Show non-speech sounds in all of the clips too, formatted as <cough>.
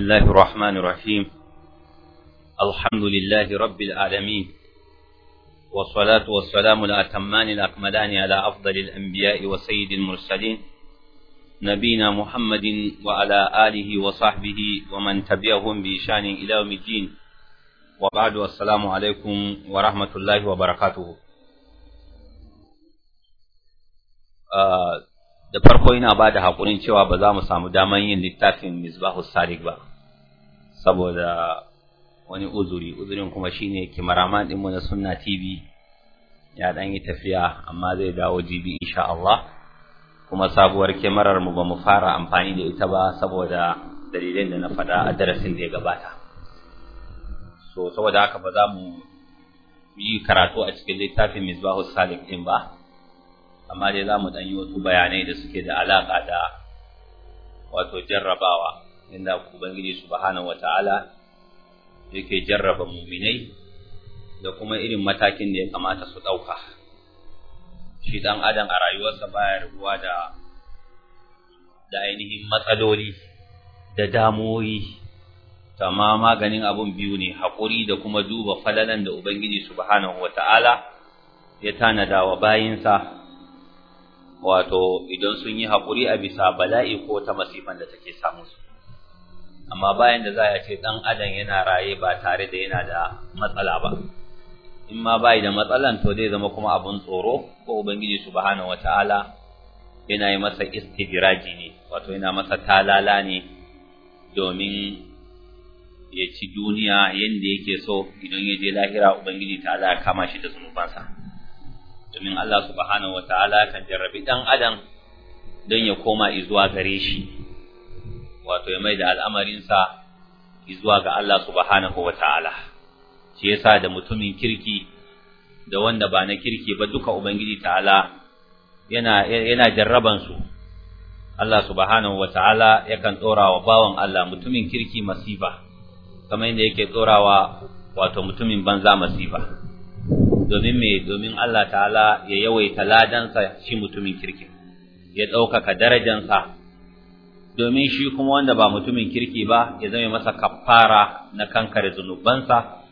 الله الرحمن الرحيم الحمد لله رب العالمين والصلاة والسلام الأتمان الأكملان على أفضل الأنبياء وسيد المرسلين نبينا محمد وعلى آله وصحبه ومن تبعهم بإشان إلى يوم الدين وبعد السلام عليكم ورحمة الله وبركاته da farko ina ba da haƙurin cewa ba za mu samu daman yin littafin misbahu sadiq ba saboda wani uzuri uzurin kuma shine kimaraman dinmu na sunna tv ya dan yi tafiya amma zai dawo jibi insha Allah kuma sabuwar kemarar mu ba mu fara amfani da ita ba saboda dalilin da na faɗa a darasin da ya gabata so saboda haka ba za mu yi karatu a cikin littafin misbahus salik din ba amma dai za mu ɗan yi wasu bayanai da suke da alaƙa da wato jarrabawa inda ubangiji subhanahu wataala yake jarraba muminai da kuma irin matakin da ya kamata su ɗauka shi dan adam a rayuwarsa baya rubuwa da da ainihin matsaloli da damoyi tama maganin abun biyu ne hakuri da kuma duba falalan da ubangiji subhanahu wata'ala ya tanada wa bayinsa wato idan sun yi hakuri a bisa bala'i ko ta masifan da take samu su amma bayan da za a ce dan adam yana raye ba tare da yana da matsala ba in ma bai da matsalan to zai zama kuma abun tsoro ko ubangiji subhanahu wataala yana yi masa istidraji ne wato yana masa talala ne domin ya ci duniya yanda yake so idan ya je lahira ubangiji ta ya kama shi da zunubansa domin Allah subhanahu wataala kan jarrabi dan adam don ya koma izuwa gare shi wato ya mai da al'amarinsa zuwa ga Allah subhanahu wa ta'ala, shi yasa da mutumin kirki da wanda ba na kirki ba duka Ubangiji ta'ala yana jarrabansu, Allah subhanahu wa ta'ala yakan tsora wa bawan Allah mutumin kirki masifa, kamar yadda yake tsorawa wato mutumin banza masifa, domin mai domin Allah ta'ala ya yawaita ladansa shi mutumin kirki, ya ɗaukaka darajansa. domin shi kuma wanda ba mutumin kirki ba ya zama masa kafara na kankare zunubansa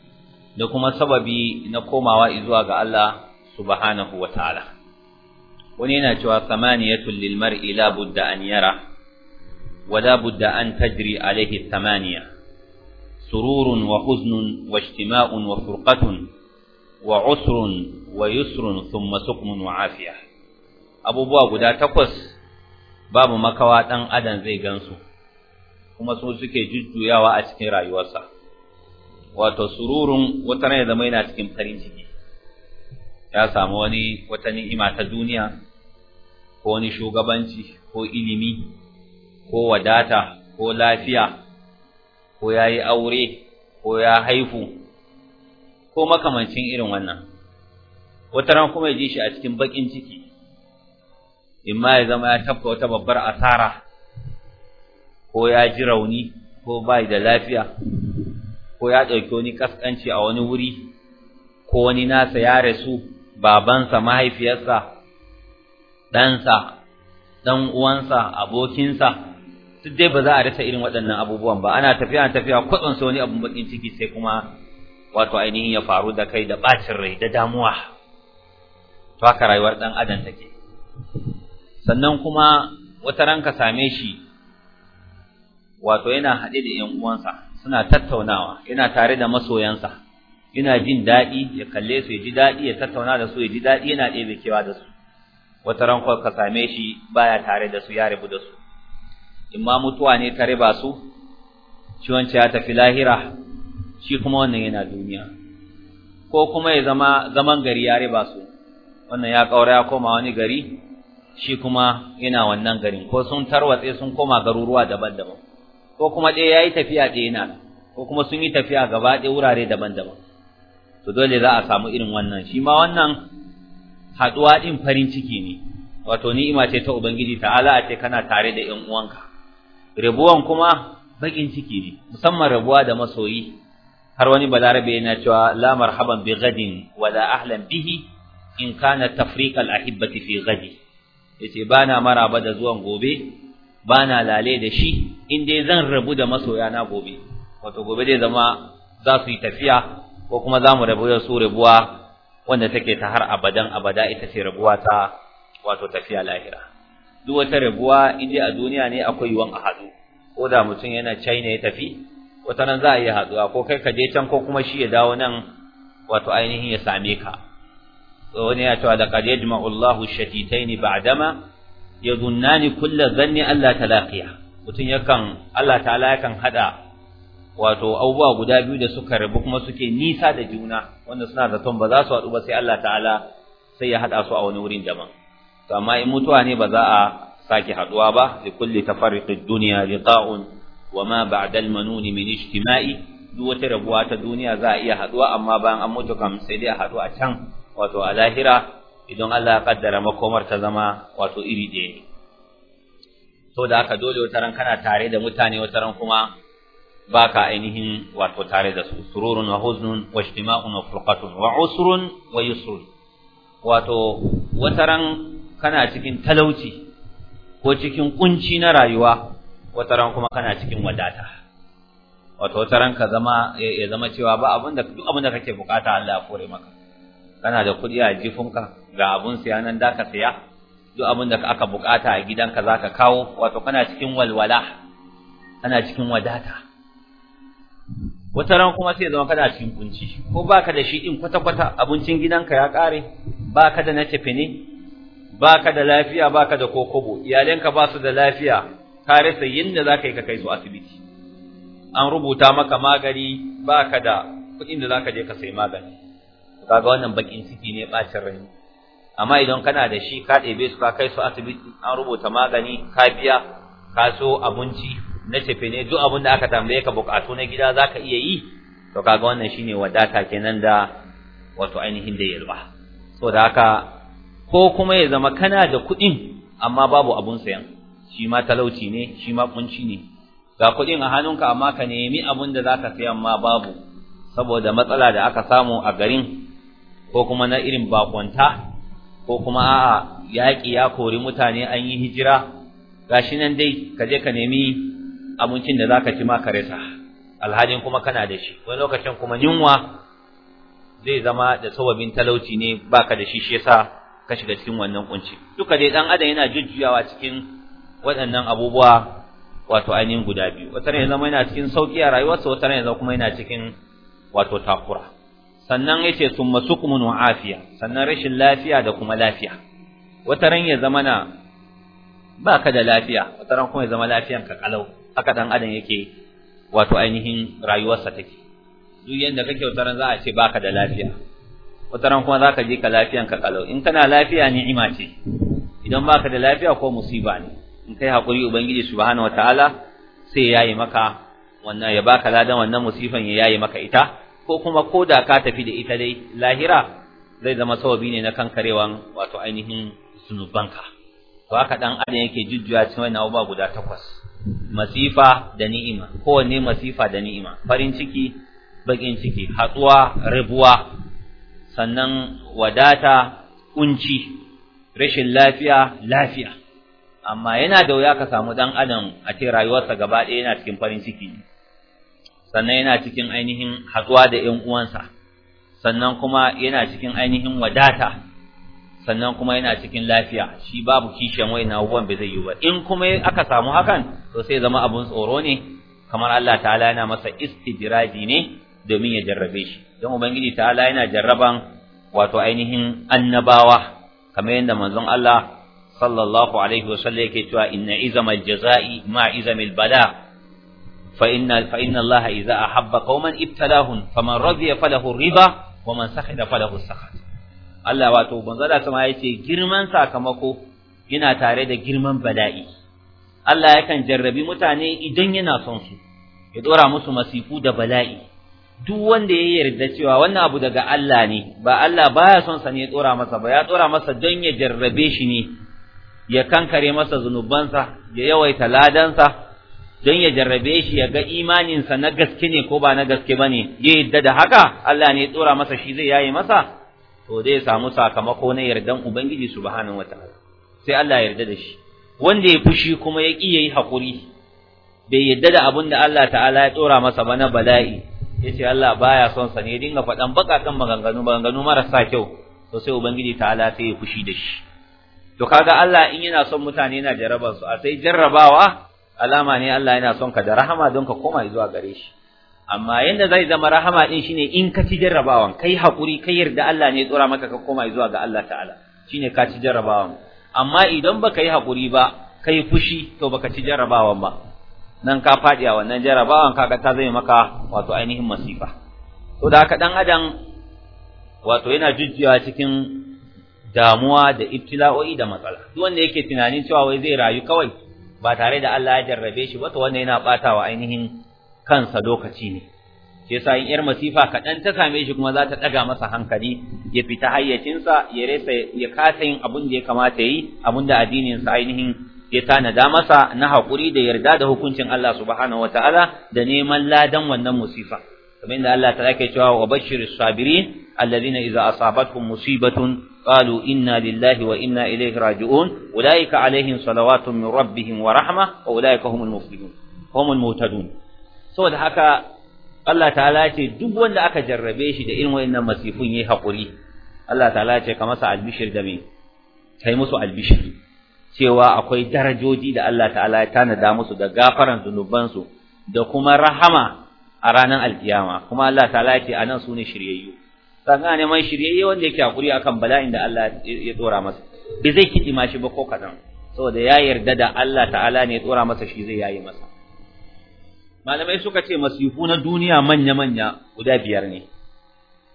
da kuma sababi na komawa zuwa ga Allah subhanahu wataala wani yana cewa samaniyatul lil mar'i la budda an yara wa la budda an tajri alayhi samaniya sururun wa huznun wa ijtima'un wa furqatun wa usrun wa yusrun thumma sukmun wa afiya abubuwa guda takwas babu makawa dan adam zai gansu kuma su suke jujjuyawa a cikin rayuwarsa wato sururun wata ne zama yana cikin farin ciki ya samu wani wata ni'ima ta duniya ko wani shugabanci ko ilimi ko wadata ko lafiya ko yayi aure ko ya haifu ko makamancin irin wannan wata ran kuma ya ji shi a cikin bakin ciki imma ya zama ya tafka wata babbar asara ko ya ji rauni ko bai da lafiya ko ya ɗauki wani kaskanci a wani wuri ko wani nasa ya rasu babansa mahaifiyarsa ɗansa ɗan uwansa abokinsa duk dai ba za a rasa irin waɗannan abubuwan ba ana tafiya tafiya kwatsan sa wani abun bakin ciki sai kuma wato ainihin ya faru da kai da bacin rai da damuwa to haka rayuwar dan adam take sannan kuma wata ran ka same shi wato yana haɗe da ƴan uwansa suna tattaunawa yana tare da masoyansa yana jin daɗi ya kalle su ya ji daɗi ya tattauna da su ya ji daɗi yana ɗebe kewa da su wata ran ka same shi baya tare da su ya rabu da su in ma mutuwa ne ta riba su shi wancan ya tafi lahira shi kuma wannan yana duniya ko kuma ya zama zaman gari ya riba su wannan ya ƙaura ya koma wani gari shi kuma ina wannan garin ko sun tarwatse sun koma garuruwa daban-daban ko kuma ɗaya yayi tafiya ɗaya yana ko kuma sun yi tafiya gaba ɗaya wurare daban-daban to dole za a samu irin wannan shi ma wannan haɗuwa ɗin farin ciki ne wato ni ima ce ta ubangiji ta'ala a ce kana tare da ƴan uwanka rabuwan kuma baƙin ciki ne musamman rabuwa da masoyi har wani balarabe yana cewa la marhaban bi ghadin wala ahlan bihi in kana tafriqal ahibbati fi ghadin yace bana maraba da zuwan gobe bana lale da shi in dai zan rabu da masoya na gobe wato gobe dai zama za su yi tafiya ko kuma za mu rabu da su rabuwa wanda take ta har abadan abada ita ce rabuwa ta wato tafiya lahira duk wata rabuwa in dai a duniya ne akwai yuwan a hadu ko da mutum yana China ya tafi wata nan za a yi haduwa ko kai ka je can ko kuma shi ya dawo nan wato ainihin ya same ka wani ya cewa da qad yajma'u Allahu shatitaini ba'dama yadunnani kullu dhanni mutun yakan Allah ta'ala yakan hada wato abubuwa guda biyu da suka rabu kuma suke nisa da juna wanda suna ton ba za su haɗu ba sai Allah ta'ala sai ya hada su a wani wurin daban to amma in mutuwa ne ba za a sake haduwa ba li kulli tafarriqid dunya liqa'un wama ba'da al-manun min ijtima'i duk wata rabuwa ta duniya za a iya haduwa amma bayan an mutu kam sai dai a haɗu a can wato a lahira idan Allah ya kaddara makomar ta zama wato iri ɗaya ne to da haka dole wata ran kana tare da mutane wata ran kuma baka ainihin wato tare da su sururun wa huznun wa ijtima'un wa furqatun wa usrun wa yusrun wato wata ran kana cikin talauci ko cikin kunci na rayuwa wata ran kuma kana cikin wadata wato wata ran ka zama ya zama cewa ba abin da duk abin da kake bukata Allah ya kore maka kana da kuɗi a jifunka ga abun siya nan da ka siya duk abin da aka bukata a gidanka za ka kawo wato kana cikin walwala kana cikin wadata wata kuma sai zama kana cikin kunci ko baka da shi din kwata-kwata abincin gidanka ya kare baka da na tafi ne baka da lafiya baka da kokobo iyalenka ba su da lafiya kare sai yinda za ka yi ka kai su asibiti an rubuta maka magani baka da kuɗin da za ka je ka sai magani kaga wannan bakin ciki ne bacin rai amma idan kana da shi ka ɗebe su ka kai su asibiti an rubuta magani ka biya ka so abinci na tafe ne duk abin da aka tambaye ka bukatu na gida zaka iya yi to kaga wannan shine wadata kenan da wato ainihin da yalwa saboda haka ko kuma ya zama kana da kuɗin amma babu abun sayan shi ma talauci ne shi ma kunci ne ga kuɗin a hannunka amma ka nemi abun da za ka sayan ma babu saboda matsala da aka samu a garin ko kuma na irin bakonta ko kuma a'a yaƙi ya kori mutane an yi hijira gashi nan dai ka je ka nemi abincin da zaka ci ma ka rasa alhalin kuma kana da shi wani lokacin kuma yunwa zai zama da sababin talauci ne baka da shi shi yasa ka shiga cikin wannan kunci duka dai dan adam yana jujjuyawa cikin waɗannan abubuwa wato ainihin guda biyu wata ne zama yana cikin sauki a rayuwarsa wata ne zama kuma yana cikin wato takura sannan yace sun masu wa afiya sannan rashin lafiya da kuma lafiya wata ran ya ba baka da lafiya wata ran kuma ya zama lafiyan ka kalau haka dan adam yake wato ainihin rayuwarsa take duk yanda kake wata ran za a ce baka da lafiya wata ran kuma ka je ka lafiyan ka kalau in kana lafiya ni'ima ce idan baka da lafiya ko musiba ne in kai hakuri ubangiji subhanahu wataala sai ya yi maka wannan ya baka ladan wannan musifan ya yayi maka ita ko kuma ko da ka tafi da ita dai lahira zai zama sawabi ne na kankarewan wato ainihin zunubanka to haka dan adam yake jujjuya cikin wannan abubuwa guda takwas masifa da ni'ima kowanne masifa da ni'ima farin ciki bakin ciki hatsuwa rabuwa sannan wadata kunci rashin lafiya lafiya amma yana da wuya ka samu dan adam a ce rayuwarsa gaba ɗaya yana cikin farin ciki sannan yana cikin ainihin haɗuwa da 'yan uwansa sannan kuma yana cikin ainihin wadata sannan kuma yana cikin lafiya shi babu kishiyan waina abubuwan bai zai yi ba in kuma aka samu hakan to sai zama abun tsoro ne kamar Allah ta'ala yana masa istidraji ne domin ya jarrabe shi don ubangiji ta'ala yana jarraban wato ainihin annabawa kamar yadda manzon Allah sallallahu alaihi wasallam yake cewa inna izamal jazai ma izamil bala فإن فإن الله إذا أحب قوما ابتلاهم فمن رضي فله الرضا ومن سخط فله السخط Allah wato Banzara sama ya ce girman sakamako yana tare da girman bala'i Allah yakan jarrabi mutane idan yana son su ya dora musu masifu da bala'i duk wanda ya yarda cewa wannan abu daga Allah ne ba Allah baya son sa ne ya dora masa ba ya dora masa don ya jarrabe shi ne ya kankare masa zunubansa ya yawaita ladansa don ya jarrabe shi ya ga imaninsa na gaske ne ko ba na gaske ba ne ya yadda da haka Allah ne ya tsora masa shi zai yayi masa to zai samu sakamako na yardan ubangiji subhanahu wataala sai Allah ya yarda da shi wanda ya fushi kuma ya ƙi ya yi haƙuri, bai yadda da abin da Allah ta'ala ya tsora masa ba na bala'i Ya ce Allah baya son sa ne ya dinga faɗan kan maganganu maganganu marasa kyau to sai ubangiji ta'ala sai ya fushi da shi to kaga Allah in yana son mutane yana jarrabansu a sai jarrabawa alama ne Allah yana son ka da rahama don ka koma zuwa gare shi amma yanda zai zama rahama din shine in ka ci jarrabawan kai hakuri kai yarda Allah ne tsora maka ka koma zuwa ga Allah ta'ala shine ka ci jarrabawan amma idan baka yi hakuri ba kai fushi to baka ci jarrabawan ba nan ka fadi a wannan jarrabawan kaga ta zai maka wato ainihin masifa to da haka dan adam wato yana jujjuya cikin damuwa da ibtila'o'i da matsala duk wanda yake tunanin cewa wai zai rayu kawai ba tare da Allah ya jarrabe shi ba to yana batawa ainihin kansa lokaci ne shi yasa in yar masifa kaɗan ta same shi kuma za ta ɗaga masa hankali ya fita hayyacinsa ya resa ya kasa yin abin da ya kamata yi abin da addininsa ainihin ya tanada masa na haƙuri da yarda da hukuncin Allah subhanahu wataala da neman ladan wannan musifa kamar da Allah ta yake cewa wa bashirus sabirin alladhina idza asabatkum musibatun قالوا إنا لله وإنا إليه راجعون أولئك عليهم صلوات من ربهم ورحمة وأولئك هم المفلحون هم المهتدون سو ده haka Allah ta'ala ce duk wanda aka jarrabe shi da irin wayannan masifun yayi hakuri Allah ta'ala ce ka masa albishir da me kai musu albishir cewa akwai darajoji da Allah ta'ala ya tanada musu da gafaran zunuban su da kuma rahama a ranar alkiyama kuma Allah ta'ala ce anan sune shiryayyu kana neman shiryayye wanda yake hakuri akan bala'in da Allah ya tsora masa bai zai kidi mashi ba ko kadan saboda ya yarda da Allah ta'ala ne ya tsora masa shi zai yayi masa malamai suka ce masifu na duniya manya manya guda biyar ne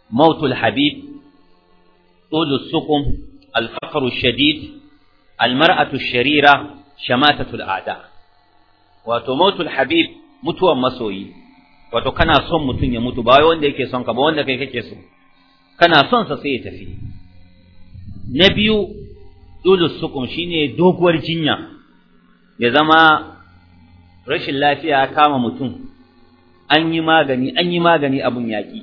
mautul habib tulus sukum al-faqru shadid al-mar'atu sharira shamatatul a'da wato mautul habib mutuwan masoyi wato kana son mutun ya mutu ba wanda yake son ka ba wanda kai kake so kana son sa sai ya tafi na biyu dulus sukum shine doguwar jinya ya zama rashin lafiya kama mutum an yi magani an yi magani abun yaki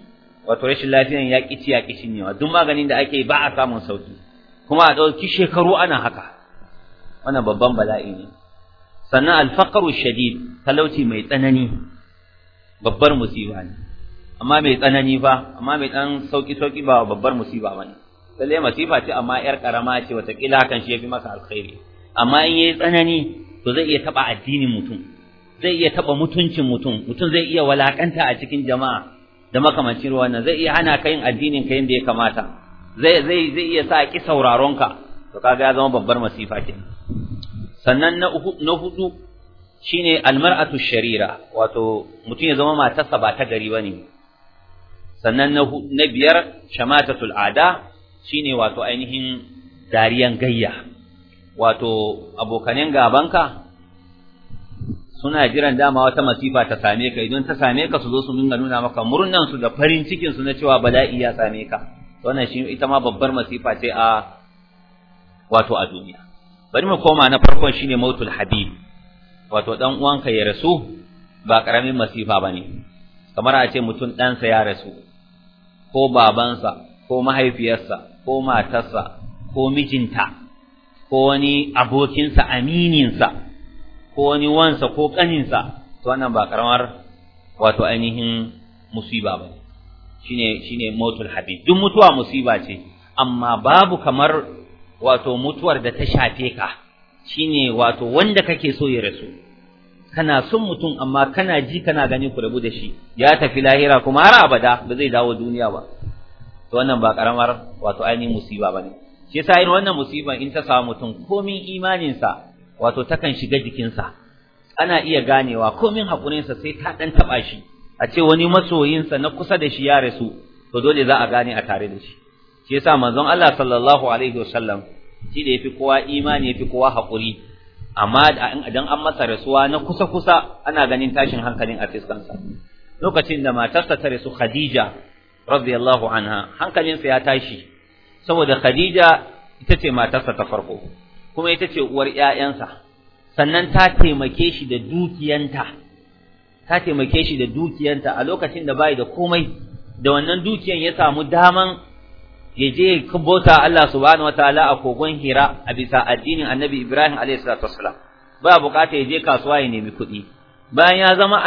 wato rashin lafiyan yaki ci yaki shinyewa duk maganin da ake ba a samun sauki kuma a dauki shekaru ana haka wannan babban bala'i ne sannan alfaqaru shadid talauci mai tsanani babbar musiba ne amma mai tsanani fa amma mai dan sauki sauki ba babbar musiba bane lalle masifa ce amma yar karama ce wata kila kan shi yafi masa alkhairi amma in yayi tsanani to zai iya taba addinin mutum zai iya taba mutuncin mutum mutum zai iya walakanta a cikin jama'a da makamancin wannan zai iya hana ka yin addinin ka yanda ya kamata zai zai zai iya sa ki sauraron ka to kaga ya zama babbar masifa ce. sannan na uku na hudu shine almar'atu sharira wato mutum ya zama matarsa ba ta gari bane sannan na biyar shamatatul ada shine wato ainihin dariyan gayya wato abokanin gabanka suna jiran dama wata masifa ta same ka idan ta same ka su zo su dinga nuna maka murnan su da farin cikin su na cewa bala'i ya same ka wannan shi ita ma babbar masifa ce a wato a duniya bari mu koma na farkon shine mautul habib wato dan uwanka ya rasu ba karamin masifa bane kamar a ce mutum ɗansa ya rasu ko babansa ko mahaifiyarsa ko matarsa ko mijinta ko wani abokinsa amininsa ko wani wansa ko ƙaninsa, to wannan ba karamar wato ainihin musiba ba shine shine motul habib duk mutuwa musiba ce amma babu kamar wato mutuwar da ta shafe ka shine wato wanda kake so ya rasu kana son mutum amma kana ji kana gani ku rabu da shi ya tafi lahira kuma har abada ba zai dawo duniya ba to wannan ba karamar wato ainihin musiba bane shi yasa irin wannan musiban in ta samu mutum komin imanin sa wato takan shiga jikin sa ana iya ganewa komin hakurin sa sai ta dan taba shi a ce wani masoyin sa na kusa da shi ya rasu to dole za a gane a tare da shi shi yasa manzon Allah sallallahu alaihi wasallam shi da yafi kowa imani yafi kowa hakuri amma idan an masa rasuwa na kusa-kusa ana ganin tashin hankalin a fiskansa lokacin da matarsa ta rasu Khadija radiyallahu anha hankalinsa ya tashi saboda Khadija ita ce matarsa ta farko kuma ita ce uwar ƴaƴansa sannan ta taimake shi da dukiyanta ta taimake shi da dukiyanta a lokacin da bai da komai da wannan dukiyan ya samu daman ya je kubota Allah subhanahu wataala a kogon Hira a bisa addinin Annabi Ibrahim alayhi salatu wassalam ba bukata ya je kasuwa ya nemi kuɗi bayan ya zama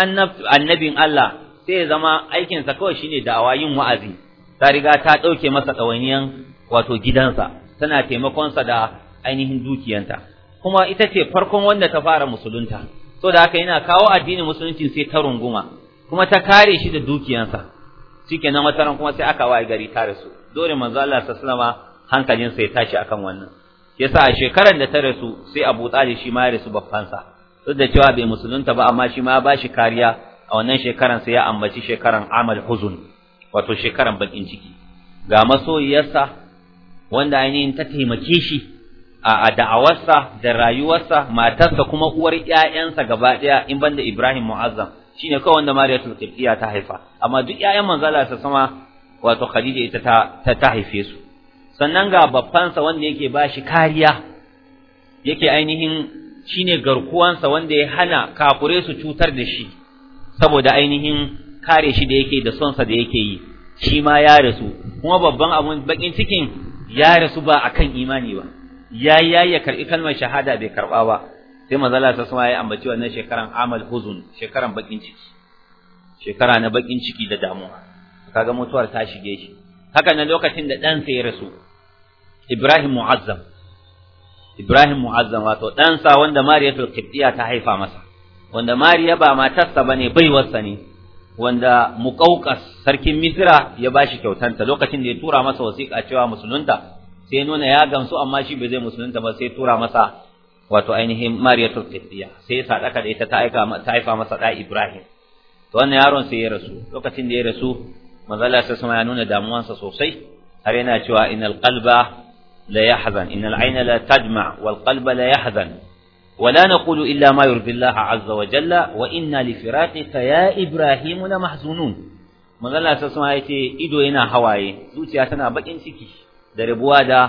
annabin Allah sai ya zama aikin sa kawai shine da'awa yin wa'azi ta riga ta dauke masa dawaniyan wato gidansa tana taimakon sa da ainihin dukiyanta kuma ita ce farkon wanda ta fara musulunta so da haka yana kawo addinin musulunci sai ta runguma kuma ta kare shi da dukiyansa shikenan wataran kuma sai aka waye gari ta rasu dole manzo Allah hankalinsa hankalin sa ya tashi akan wannan yasa a shekarar da ta rasu sai Abu Talib shi ma ya rasu babban sa duk da cewa bai musulunta ba amma shi ma ba shi kariya a wannan shekaran sai ya ambaci shekarar amal huzun wato shekarar bakin ciki ga masoyiyarsa wanda ainihin ta taimake shi a da'awarsa da rayuwarsa matarsa kuma uwar ƴaƴansa gaba ɗaya in banda Ibrahim Mu'azzam shine kawai wanda Mariyatul Qibtiyya ta haifa amma duk ƴaƴan manzala sa sama wato Khadija ita ta ta haife su sannan ga babbansa wanda yake bashi kariya yake ainihin shine garkuwansa wanda ya hana kafure su cutar da shi saboda ainihin kare shi da yake da sonsa da yake yi shi ma ya rasu kuma babban abun bakin cikin ya rasu ba akan imani ba ya ya ya karbi kalmar shahada bai karba ba sai manzala ta sama ya ambaci wannan shekaran amal huzun shekaran bakin ciki shekara na bakin ciki da damuwa kaga mutuwar ta shige shi haka nan lokacin da ɗansa ya rasu Ibrahim Mu'azzam Ibrahim Mu'azzam wato ɗansa wanda Mariyatul Qibtiyya ta haifa masa wanda Mariya ba matarsa bane wasa ne wanda Muqawqas sarkin Misra ya bashi kyautanta lokacin da ya tura masa wasiƙa cewa musulunta sai nuna ya gamsu amma shi bai zai musulunta ba sai tura masa wato ainihin Mariyatul Qibtiyya sai ya sadaka da ita ta aika ta haifa masa da Ibrahim to wannan yaron sai ya rasu lokacin da ya rasu mazala sai sama ya nuna damuwansa sosai har yana cewa innal qalba la yahzan innal ayna la tajma wal qalba la yahzan ولا نقول إلا ما يرضي الله عز وجل وإنا لفراقك يا إبراهيم لمحزونون magana ta sama yace ido yana hawaye zuciya tana bakin ciki da rabuwa da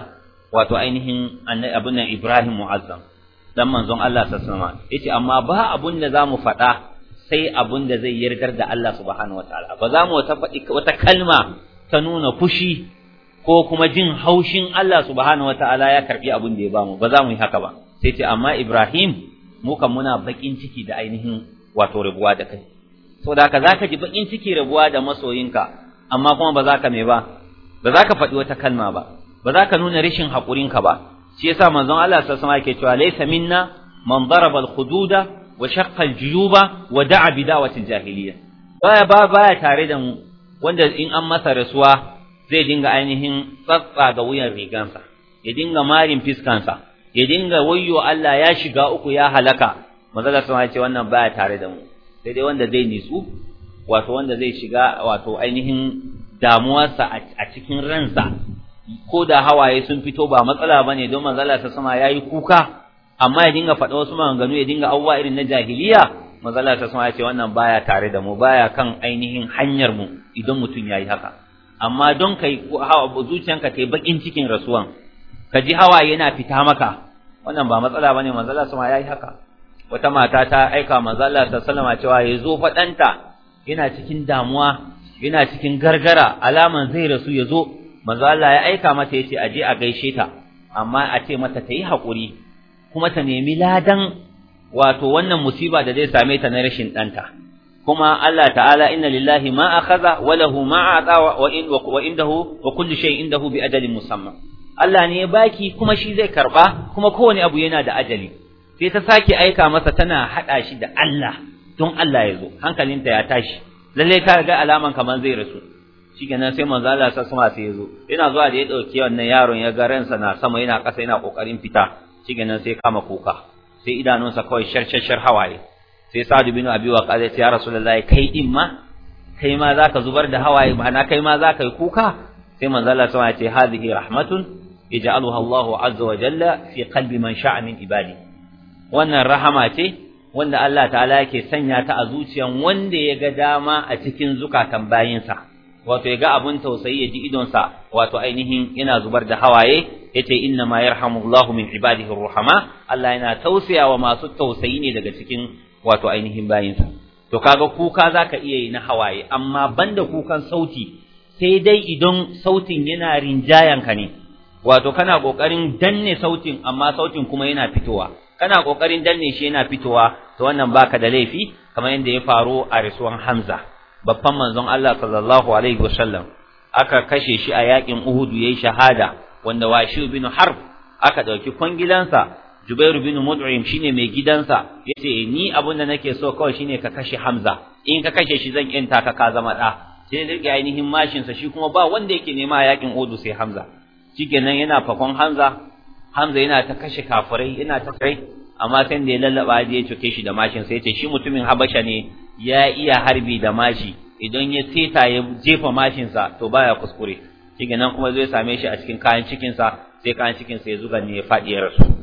wato ainihin abun nan Ibrahim mu'azzam dan manzon Allah sallallahu alaihi yace amma ba abun da zamu faɗa sai abun da zai yardar da Allah subhanahu wataala ba za mu wata wata kalma ta nuna fushi ko kuma jin haushin Allah subhanahu wataala ya karbi abin da ya bamu ba za mu yi haka ba sai ce amma Ibrahim mu kan muna bakin ciki da ainihin wato rabuwa da kai saboda haka zaka ji bakin ciki rabuwa da masoyinka amma kuma ba za ka me ba ba za ka faɗi wata kalma ba ba za ka nuna rashin haƙurinka ba shi yasa manzon Allah sallallahu alaihi wasallam yake cewa laysa minna man daraba al-hududa wa shaqqa al-juyuba da'a bi da'wati al-jahiliyya baya ba baya tare da mu wanda in an masa rasuwa zai dinga ainihin tsatsa ga wuyan rigansa ya dinga marin fiskansa ya dinga wayyo Allah ya shiga uku ya halaka manzala sun ce wannan baya tare da mu sai wanda zai nisu wato wanda zai shiga wato ainihin damuwarsa a cikin ransa ko da hawaye sun fito ba matsala bane don manzala ta sama yayi kuka amma ya dinga faɗa wasu maganganu ya dinga awwa irin na jahiliya mazala ta sama ce wannan baya tare da mu baya kan ainihin hanyar mu idan mutum yayi haka amma don kai zuciyanka ta yi bakin cikin rasuwan ka ji hawa yana fita maka wannan ba matsala bane mazala sama yayi haka wata mata ta aika mazala ta sallama cewa ya zo faɗanta yana cikin damuwa yana cikin gargara alaman zai rasu yazo zo manzo ya aika mata yace aje a gaishe ta amma a ce mata tayi hakuri kuma ta nemi ladan wato wannan musiba da zai same ta na rashin ɗanta. kuma Allah ta'ala inna lillahi ma akhadha wa lahu ma ata wa wa indahu wa kullu shay'in indahu bi ajalin musamma Allah ne ya baki kuma shi zai karba kuma kowane abu yana da ajali sai ta sake aika masa tana hada shi da Allah don Allah ya zo hankalinta ya tashi lalle ka ga alaman kaman zai rasu shikenan sai manzo Allah sa sama sai zo yana zuwa da ya dauki wannan yaron ya ga ransa na sama yana kasa yana kokarin fita shikenan sai kama kuka sai idanunsa kawai shal-shal-shar hawaye sai Sa'ad bin Abi Waqqas ya ce ya Rasulullahi kai din ma kai ma zaka zubar da hawaye ma'ana kai ma zaka yi kuka sai manzo sama ya ce hadhihi rahmatun yaj'aluha Allahu azza wa jalla fi qalbi man sha'a min ibadi wannan rahama ce wanda Allah ta'ala yake sanya ta a zuciyan wanda ya ga dama a cikin zukatan bayinsa wato ya ga abun tausayi ya ji idonsa wato ainihin yana zubar da hawaye yace inna ma yarhamullahu min ibadihi ruhama Allah yana tausaya wa masu tausayi ne daga cikin wato ainihin bayinsa to kaga kuka zaka iya yi na hawaye amma banda kukan sauti sai dai idan sautin yana rinjayanka ne wato kana kokarin danne sautin amma sautin kuma yana fitowa kana kokarin danne shi yana fitowa to wannan baka da laifi kamar yadda ya faru a rasuwan Hamza babban manzon Allah sallallahu alaihi wasallam aka kashe shi a yakin Uhud yayi shahada wanda Washi bin Harb aka dauki kwangilansa Jubairu bin Mud'im shine mai gidansa yace ni abin da nake so kawai shine ka kashe Hamza in ka kashe shi zan kinta ka ka zama da sai da ainihin mashin sa shi kuma ba wanda yake nema yakin Uhud sai Hamza shikenan yana fakon Hamza Hamza yana ta kashe kafirai yana ta kai amma sai da ya lallaba ya cuke shi da mashin sai ya ce shi mutumin Habasha ne ya iya harbi da mashi idan ya seta ya jefa mashinsa to baya kuskure kiga nan kuma zai same shi a cikin kayan cikinsa sai kayan cikinsa ya zuga ne ya fadi ya rasu to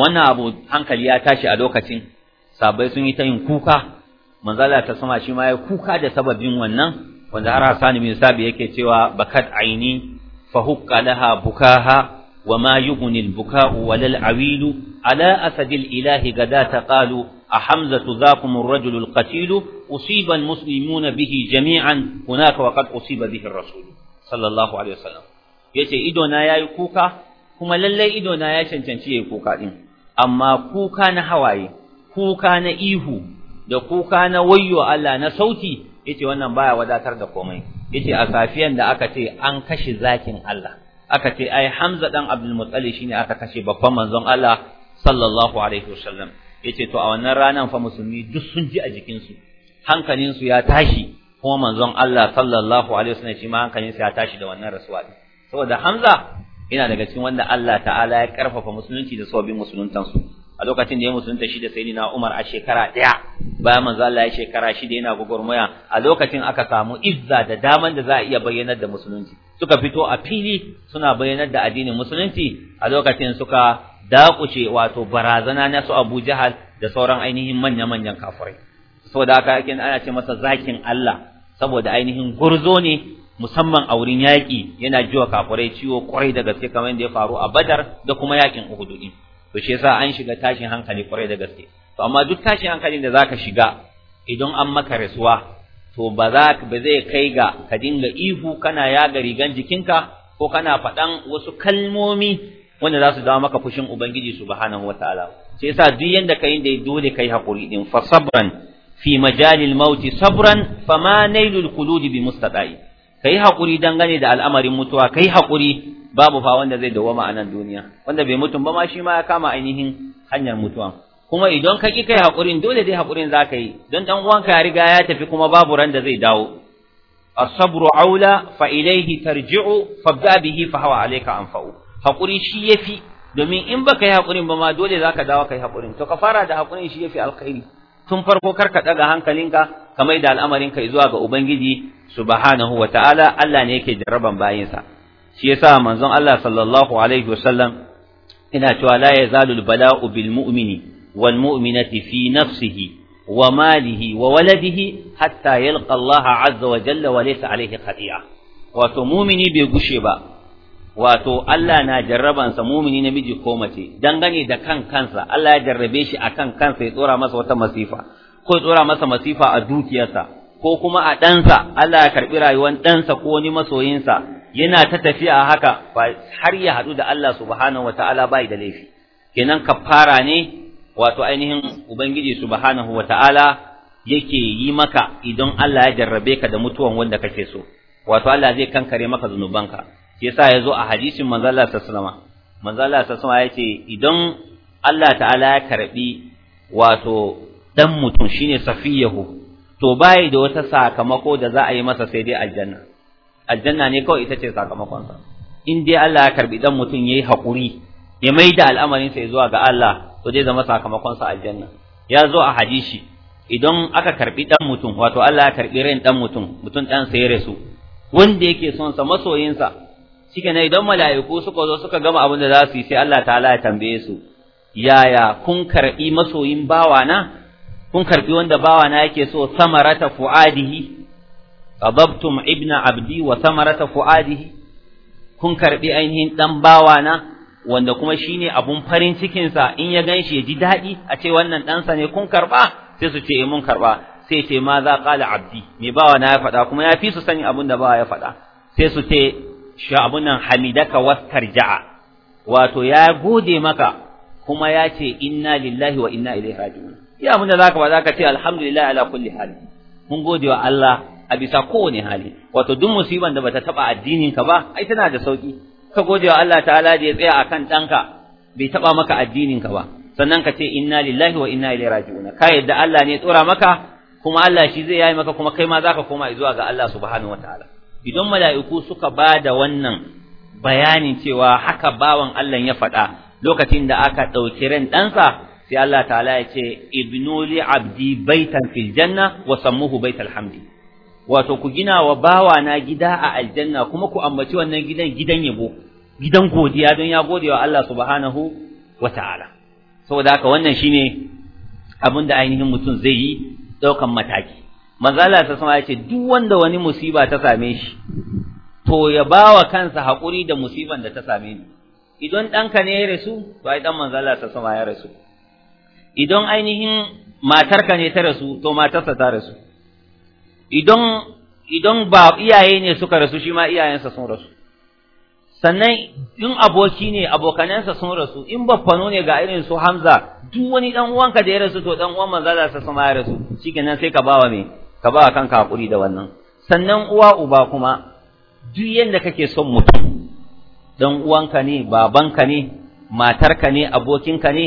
wannan abu hankali ya tashi a lokacin sabai sun yi ta yin kuka manzala ta sama shi ma ya kuka da sababin wannan wanda har Hassan bin Sabi yake cewa bakat aini fa hukka laha bukaha wa ma yughni al-buka'u wal awilu ala asadil ilahi gadata qalu أحمزة ذاكم الرجل القتيل أصيب المسلمون به جميعا هناك وقد أصيب به الرسول صلى الله عليه وسلم yace idona yayi kuka kuma lallai idona ya cancanci yayi kuka din amma kuka na hawaye kuka na ihu da kuka na wayyo Allah na sauti yace wannan baya wadatar da komai yace a safiyan da aka ce an kashe zakin Allah aka ce ai Hamza dan Abdul Muttalib shine aka kashe babban manzon Allah sallallahu alaihi wasallam yace to a wannan ranan fa musulmi duk sun ji a jikinsu hankalinsu ya tashi kuma manzon Allah sallallahu alaihi wasallam shi ma hankalinsa ya tashi da wannan rasuwa saboda Hamza yana daga cikin wanda Allah ta'ala ya karfafa musulunci da sabbin musuluntansu a lokacin da ya musulunta shi da na Umar a shekara daya bayan manzo Allah ya shekara shida yana gugurmaya a lokacin aka samu izza da daman da za a iya bayyanar da musulunci suka fito a fili suna bayyanar da addinin musulunci a lokacin suka dakuce wato barazana na su Abu Jahal da sauran ainihin manya-manyan kafirai saboda haka yake ana ce masa zakin Allah saboda ainihin gurzo ne musamman a wurin yaki yana jiwa kafirai ciwo kwarai da gaske kamar yadda ya faru a Badar da kuma yakin Uhud din to shi yasa an shiga tashin hankali kwarai da gaske to amma duk tashin hankalin da zaka shiga idan an maka rasuwa to ba za ba zai kai ga ka dinga ihu kana yaga rigan jikinka ko kana faɗan wasu kalmomi wanda za su dawo maka fushin ubangiji subhanahu wataala sai yasa duk yanda da dai dole kai hakuri din fa sabran fi majalil mauti sabran fama nailul quludi bi mustaqai kai hakuri dangane da al'amarin mutuwa kai hakuri babu fa wanda zai dawama a nan duniya wanda bai mutum ba ma shi ma ya kama ainihin hanyar mutuwa kuma idan ka ki kai hakurin dole dai hakurin zaka yi don dan uwanka ya riga ya tafi kuma babu ran da zai dawo as-sabru aula fa ilayhi tarji'u fa bihi fa huwa alayka anfa'u hakuri shi yafi domin in baka yi hakurin ba ma dole zaka dawo kai hakurin to ka fara da hakurin shi yafi alkhairi tun farko kar ka daga hankalinka ka maida ka zuwa ga ubangiji subhanahu wataala Allah ne yake jarraban bayinsa shi yasa manzon Allah sallallahu alaihi wasallam ina cewa la zalul bala'u bil mu'mini wal mu'minati fi nafsihi wa malihi wa waladihi hatta yalqa Allah azza wa jalla wa laysa alaihi khati'a wato mu'mini bai gushe ba wato Allah na jarrabansa mu'mini namiji ko mace dangane da kan kansa Allah ya jarrabe shi akan kansa ya tsora masa wata masifa ko tsora masa masifa a dukiyarsa ko kuma a ɗansa Allah ya karɓi rayuwar ɗansa ko wani masoyinsa yana ta tafiya haka har ya hadu da Allah subhanahu wata'ala bai da laifi kenan kafara ne wato ainihin ubangiji subhanahu wata'ala yake yi maka idan Allah ya jarrabe ka da mutuwan wanda kake so wato Allah zai kankare maka zunubanka shi yasa yazo a hadisin manzo Allah sallallahu alaihi wasallam manzo Allah yace idan Allah ta'ala ya karbi wato dan mutum shine safiyahu to bai da wata sakamako da za a yi masa sai dai aljanna aljanna ne kawai ita ce sakamakon sa in dai Allah ya karbi dan mutum yayi hakuri ya da al'amarin sa zuwa ga Allah to zai zama sakamakon sa aljanna ya zo a hadisi idan aka karbi dan mutum wato Allah ya karbi ran dan mutum mutum dan sa ya rasu wanda yake son sa masoyin sa ne idan mala'iku suka zo suka gama abin da za su yi sai Allah ta'ala ya tambaye su yaya kun karbi masoyin bawana kun karbi wanda bawana yake so samarata fuadihi qababtum ibna abdi wa samarata fuadihi kun karbi ainihin dan bawana wanda kuma shine abun farin cikin sa in ya ganshi ya ji dadi a ce wannan dan sa ne kun karba sai su ce mun karba sai ce ma za qala abdi me bawana ya faɗa kuma ya fi su sani abun da bawa ya faɗa sai su ce sha abun nan hamidaka wastarja'a wato ya gode maka kuma ya ce inna lillahi wa inna ilaihi raji'un ya mun da zaka ba zaka ce alhamdulillah ala kulli hal mun gode wa Allah a bisa kowane hali wato duk musiban da bata taba addinin ka ba ai tana da sauki ka gode wa Allah ta'ala da ya tsaya akan danka bai taba maka addinin ka ba sannan ka ce inna lillahi wa inna ilaihi raji'un ka yadda Allah ne tsora maka kuma Allah shi zai yayi maka kuma kai ma zaka koma zuwa ga Allah subhanahu wataala idan mala'iku suka bada wannan bayanin cewa haka bawan Allah ya faɗa lokacin da aka ɗauki ran ɗansa sai Allah ta'ala ya ce ibnu li abdi baitan fil janna wa sammuhu baital hamdi wato ku gina wa bawa na gida a aljanna kuma ku ambaci wannan gidan gidan yabo gidan godiya don ya gode wa Allah subhanahu wataala saboda haka wannan shine abin da ainihin mutum zai yi daukan mataki manzala ta sama yace duk wanda wani musiba ta same shi to ya bawa kansa hakuri da musiban da ta same ni idan danka ne ya rasu to ai dan manzala ta sama ya rasu idan ainihin matarka ne ta rasu to matarsa ta rasu idan idan ba iyaye ne suka rasu shi ma iyayensa sun rasu sannan in aboki ne abokanansa sun rasu in baffano ne ga irin su Hamza duk wani dan uwanka da ya rasu to dan uwan manzo Allah sa sama ya rasu shikenan sai ka ba wa me ka ba kanka hakuri da wannan sannan uwa uba kuma duk yanda kake son mutum dan uwanka ne babanka ne matarka ne abokinka ne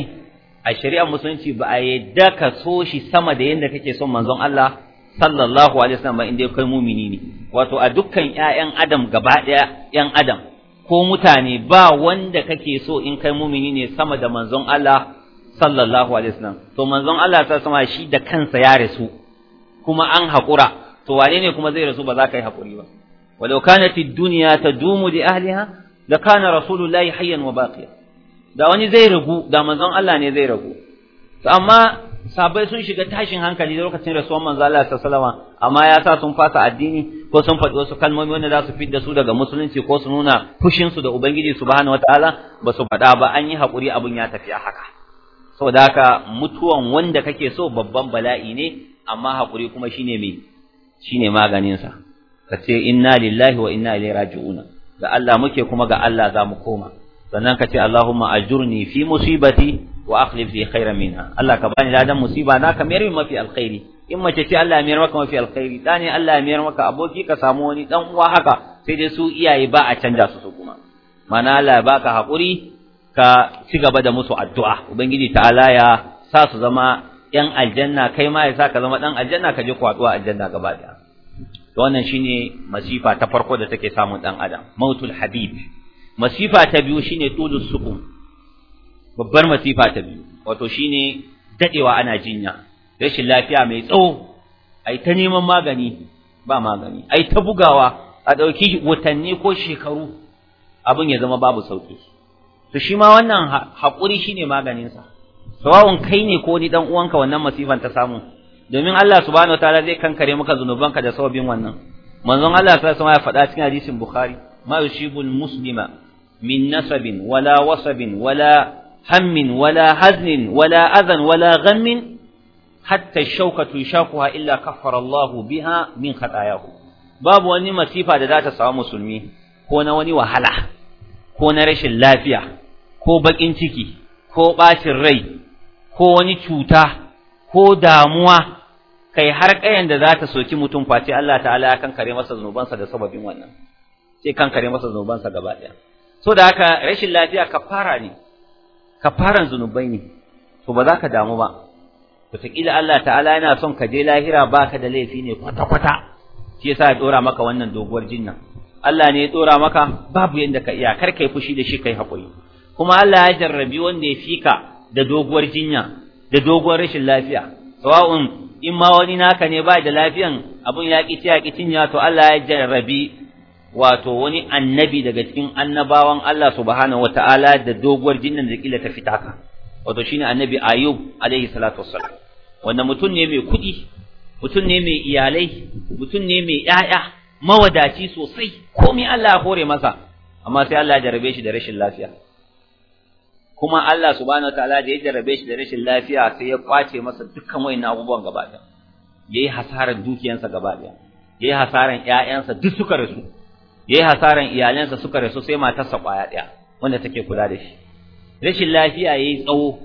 a shari'ar musulunci ba a yadda ka so shi sama da yanda kake son manzon Allah sallallahu alaihi wasallam inda kai mumini ne wato a dukkan ƴaƴan adam gaba ɗaya ƴan adam ko mutane ba wanda kake so in kai mumini ne sama da manzon Allah sallallahu alaihi wasallam to manzon Allah ta sama shi da kansa ya rasu kuma an haƙura to wane ne kuma zai rasu ba za ka yi haƙuri ba walau kanat ad-dunya tadumu li ahliha la kana rasulullahi hayyan wa baqiya da wani zai ragu da manzon Allah ne zai ragu to amma sabai sun shiga tashin hankali lokacin rasuwar manzo Allah sallallahu amma ya sa sun fasa addini ko sun faɗi wasu kalmomi wanda za su fidda su daga musulunci ko su nuna fushin su da ubangiji subhanahu wataala ba su faɗa ba an yi hakuri abun ya tafi haka saboda haka mutuwan wanda kake so babban bala'i ne amma haƙuri kuma shine mai, shine maganin sa kace inna lillahi wa inna ilaihi raji'una ga Allah muke kuma ga Allah za mu koma sannan kace Allahumma ajurni fi musibati wa akhlif li khairan minha Allah ka bani ladan musiba na ka mayar mafi alkhairi in mace ce Allah ya mayar maka mafi alkhairi da ne Allah ya mayar maka aboki ka samu wani dan uwa haka sai dai su iyaye ba a canja su su kuma mana Allah ya baka hakuri ka ci gaba da musu addu'a ubangiji ta'ala ya sa su zama yan aljanna kai ma ya sa ka zama dan aljanna ka je a aljanna gaba daya to wannan shine masifa ta farko da take samun dan adam mautul habib masifa ta biyu shine tulus Sukun. babbar masifa ta biyu wato shine dadewa ana jinya rashin lafiya mai tsawo ai ta neman magani ba magani ai ta bugawa a dauki watanni ko shekaru abin ya zama babu sauki to shi ma wannan hakuri shine maganin sa sawawun kai ne ko ni dan uwanka wannan masifan ta samu domin Allah subhanahu wataala zai kankare maka ka da sababin wannan manzon Allah sallallahu alaihi wasallam ya faɗa cikin hadisin Bukhari ma yushibul muslima min nasabin wala wasabin wala هم ولا حزن ولا أذى ولا غم حتى الشوكة يشاقها إلا كفر الله بها من خطاياه باب وني مصيفة musulmi ko مسلمي كون wahala وهلا كون رش اللافية كو baƙin ciki كو ɓacin rai كو وني cuta كو داموا kai har kayan da za ta soki mutum face Allah ta'ala kan kare masa zunubansa da sababin wannan sai kan masa zunubansa gaba ɗaya so da haka rashin lafiya kafara ne Ka kafaran zunubai ne to ba za ka damu ba wataƙila Allah ta'ala yana son ka je lahira ba ka da laifi ne kwata-kwata shi yasa ya dora maka wannan doguwar jinna Allah ne ya ɗora maka babu yadda ka iya kar kai fushi da shi kai haƙuri kuma Allah ya jarrabi wanda ya fi ka da doguwar jinya da doguwar rashin lafiya sawa'un in ma wani naka ne ba da lafiyan abun ya ƙi ta ya ƙi to Allah ya jarrabi wato wani annabi daga cikin annabawan Allah subhanahu wataala da doguwar jinnan da kila ta fita ka wato shine annabi Ayub alaihi salatu wassalam wanda mutum ne mai kudi mutum ne mai iyalai mutum ne mai 'ya'ya? mawadaci sosai komai Allah ya hore masa amma sai Allah ya jarabe shi da rashin lafiya kuma Allah subhanahu wataala da ya jarabe shi da rashin lafiya sai ya kwace masa dukkan wayannan abubuwan gaba ɗaya yayi hasaran dukiyansa gaba ɗaya yayi hasaran ƴaƴansa duk suka rasu yayi hasaran iyalansa suka rasu sai matarsa kwaya daya wanda take kula da shi rashin lafiya yayi tsawo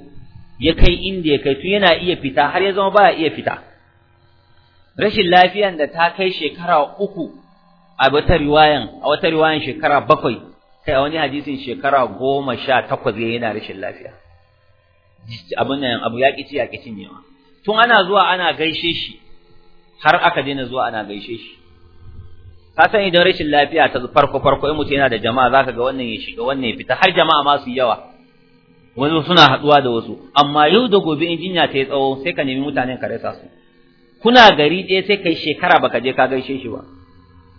ya kai inda ya kai tun yana iya fita har ya zama baya iya fita rashin lafiyan da ta kai shekara uku a wata riwayan a wata riwayan shekara bakwai kai a wani hadisin shekara goma sha takwas yana rashin lafiya abin nan abu ya ƙi ya ƙi cinyewa tun ana zuwa ana gaishe shi har aka daina zuwa ana gaishe shi ka san idan rashin lafiya ta farko farko in mutum yana da jama'a zaka ga wannan ya shiga wannan ya fita har jama'a ma su yawa wani suna haduwa da wasu amma yau da gobe in jinya ta yi tsawo sai ka nemi mutanen ka rasa su kuna gari ɗaya sai kai shekara baka je ka gaishe shi ba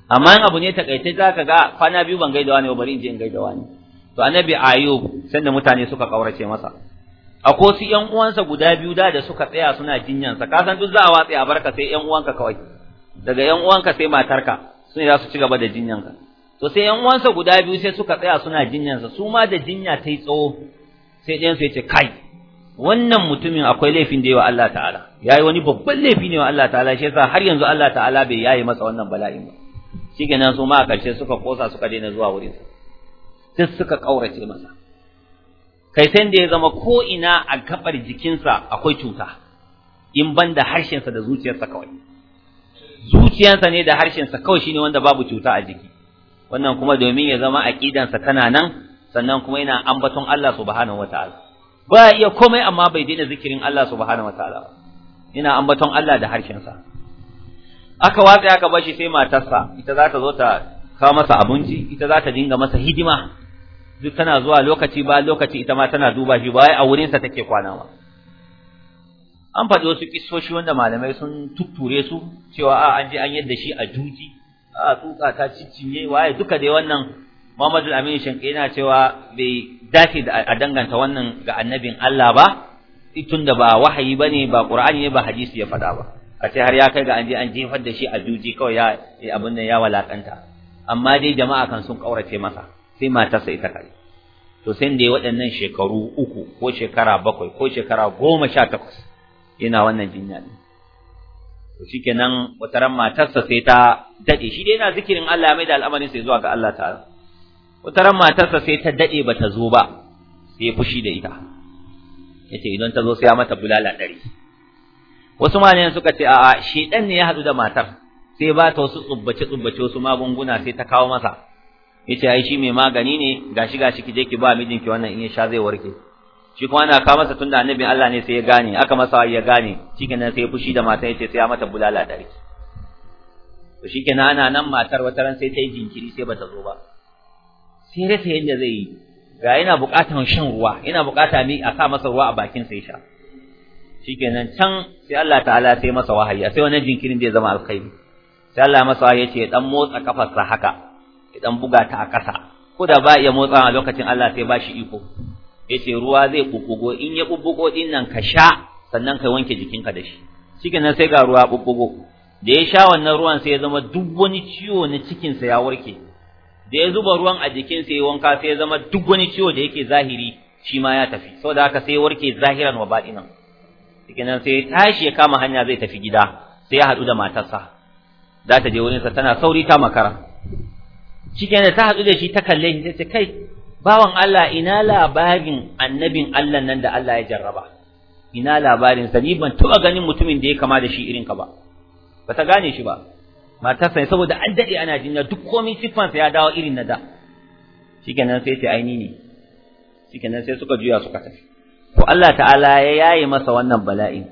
amma in abu ne ta kai za ka ga kwana biyu ban gaida ne ba bari in je in gaida ne to annabi ayub sanda mutane suka kaurace masa akwai su 'yan uwansa guda biyu da da suka tsaya suna jinyansa ka san duk za a watsa a barka sai 'yan uwanka kawai daga 'yan uwanka sai matarka sune za su ci gaba da jinyanka to sai yan uwansa guda biyu sai suka tsaya suna jinyansa su ma da jinya ta yi tsawo sai ɗayan su ya ce kai wannan mutumin akwai laifin da yi wa Allah ta'ala ya yi wani babban laifi ne wa Allah ta'ala shi yasa har yanzu Allah ta'ala bai yaye masa wannan bala'in ba shi kenan su ma a ƙarshe suka kosa suka daina zuwa wurinsa duk suka ƙaurace masa kai san da ya zama ko ina a gabar jikinsa akwai cuta in banda harshensa da zuciyarsa kawai zuciyansa ne da harshensa kawai shi ne wanda babu cuta a jiki wannan kuma domin ya zama aqidansa tana nan sannan kuma yana ambaton Allah subhanahu wataala ba ya iya komai amma bai daina zikirin Allah subhanahu wataala ba yana ambaton Allah da harshensa aka watsa aka shi sai matarsa ita za ta zo ta kawo masa abinci ita za ta dinga masa hidima duk tana zuwa lokaci ba lokaci ita ma tana duba shi ba wai a wurinsa take kwana ba an faɗi wasu ƙisoshi wanda malamai sun tutture su cewa a an je an yadda shi a juji a tuka ta ciccinye waye duka dai wannan Muhammadu Aminu Shanke yana cewa bai dace da a danganta wannan ga annabin Allah ba tunda ba wahayi bane ba Qur'ani ne ba hadisi ya faɗa ba a ce har ya kai ga an je an jefar da shi a juji kawai ya abin nan ya walakanta amma dai jama'a kan sun ƙaurace masa sai matarsa ita kai to sai da waɗannan shekaru uku ko shekara bakwai ko shekara goma sha takwas yana wannan jinya ne to shikenan wata ran matarsa sai ta dade shi dai yana zikirin Allah mai da al'amarin sai zuwa ga Allah ta'ala wata ran matarsa sai ta dade bata zo ba sai fushi da ita yace idan ta zo sai ya mata bulala dare wasu malayan suka ce a'a shedan ne ya hadu da matar sai ba ta wasu tsubbace tsubbace wasu magunguna sai ta kawo masa yace ai shi mai magani ne gashi gashi kije ki ba mijinki wannan in ya sha zai warke shi kuma ana kawo masa tunda annabin Allah ne sai ya gane aka masa ya gane shikenan sai ya fushi da matan yace sai ya mata bulala dari to shikenan ana nan matar wata ran sai ta yi jinkiri sai bata zo ba sai rasa yadda zai yi ga yana buƙatar shan ruwa yana buƙata mi a sa masa ruwa a bakin sai sha shikenan can sai Allah ta'ala sai masa wahayi sai wannan jinkirin zai zama alkhairi sai Allah masa wahayi yace dan motsa kafarsa haka ya dan buga ta a ƙasa ko da ba ya motsa a lokacin Allah sai ba shi iko yace ruwa zai bubbugo in ya bubbugo din nan ka sha sannan kai wanke jikinka da shi nan sai ga ruwa bubbugo da ya sha wannan ruwan sai ya zama duk wani ciwo na cikin sa ya warke da ya zuba ruwan a jikin sa ya wanka sai ya zama duk wani ciwo da yake zahiri shi ma ya tafi saboda haka sai warke zahiran wa batinan nan sai tashi ya kama hanya zai tafi gida sai ya haɗu da matarsa za ta je wurin wurinsa tana sauri ta makara da ta haɗu da shi ta kalle shi ta ce kai bawan Allah ina labarin annabin Allah nan da Allah ya jarraba ina labarin sa ni ban taba ganin mutumin da ya kama da shi irin ka ba bata gane shi ba Matar sai saboda an dade ana jinya duk komai sa ya dawo irin na shikenan sai ta aini ne shikenan sai suka juya suka tafi to Allah ta'ala ya yaye masa wannan bala'i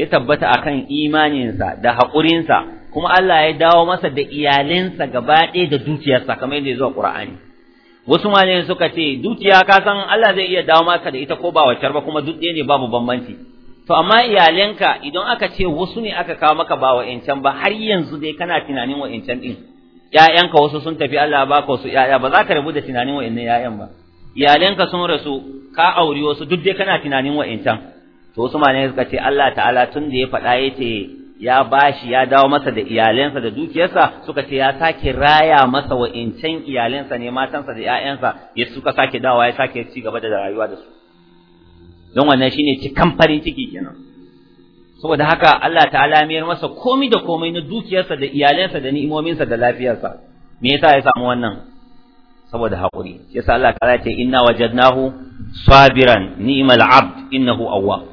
ya tabbata akan imaninsa da haƙurinsa kuma Allah ya dawo masa da iyalinsa gaba ɗaya da dukiyarsa kamar yadda ya zo Qur'ani wasu malayen suka ce dukiya ka san Allah zai iya dawo maka da ita ko ba wacce ba kuma duk ne babu bambanci to amma iyalenka idan aka ce wasu ne aka kawo maka ba wa'ancan ba har yanzu dai kana tunanin wa'ancan din ƴaƴanka wasu sun tafi Allah ba ka wasu ƴaƴa ba za ka rabu da tunanin wa'annan ƴaƴan ba iyalenka sun rasu ka auri wasu duk dai kana tunanin wa'ancan to wasu malayen suka ce Allah ta'ala tun da ya faɗa yace ya bashi ya dawo masa da iyalensa da dukiyarsa suka ce ya sake raya masa wa'incan iyalensa ne matansa da 'ya'yansa ya suka sake dawo ya sake ci gaba da rayuwa da su don wannan shine cikan farin ciki kenan saboda haka Allah ta'ala mayar masa komai da komai na dukiyarsa da iyalensa da ni'imominsa da lafiyarsa me yasa ya samu wannan saboda haƙuri shi yasa Allah ta'ala ce inna wajadnahu sabiran ni'mal abd innahu awwab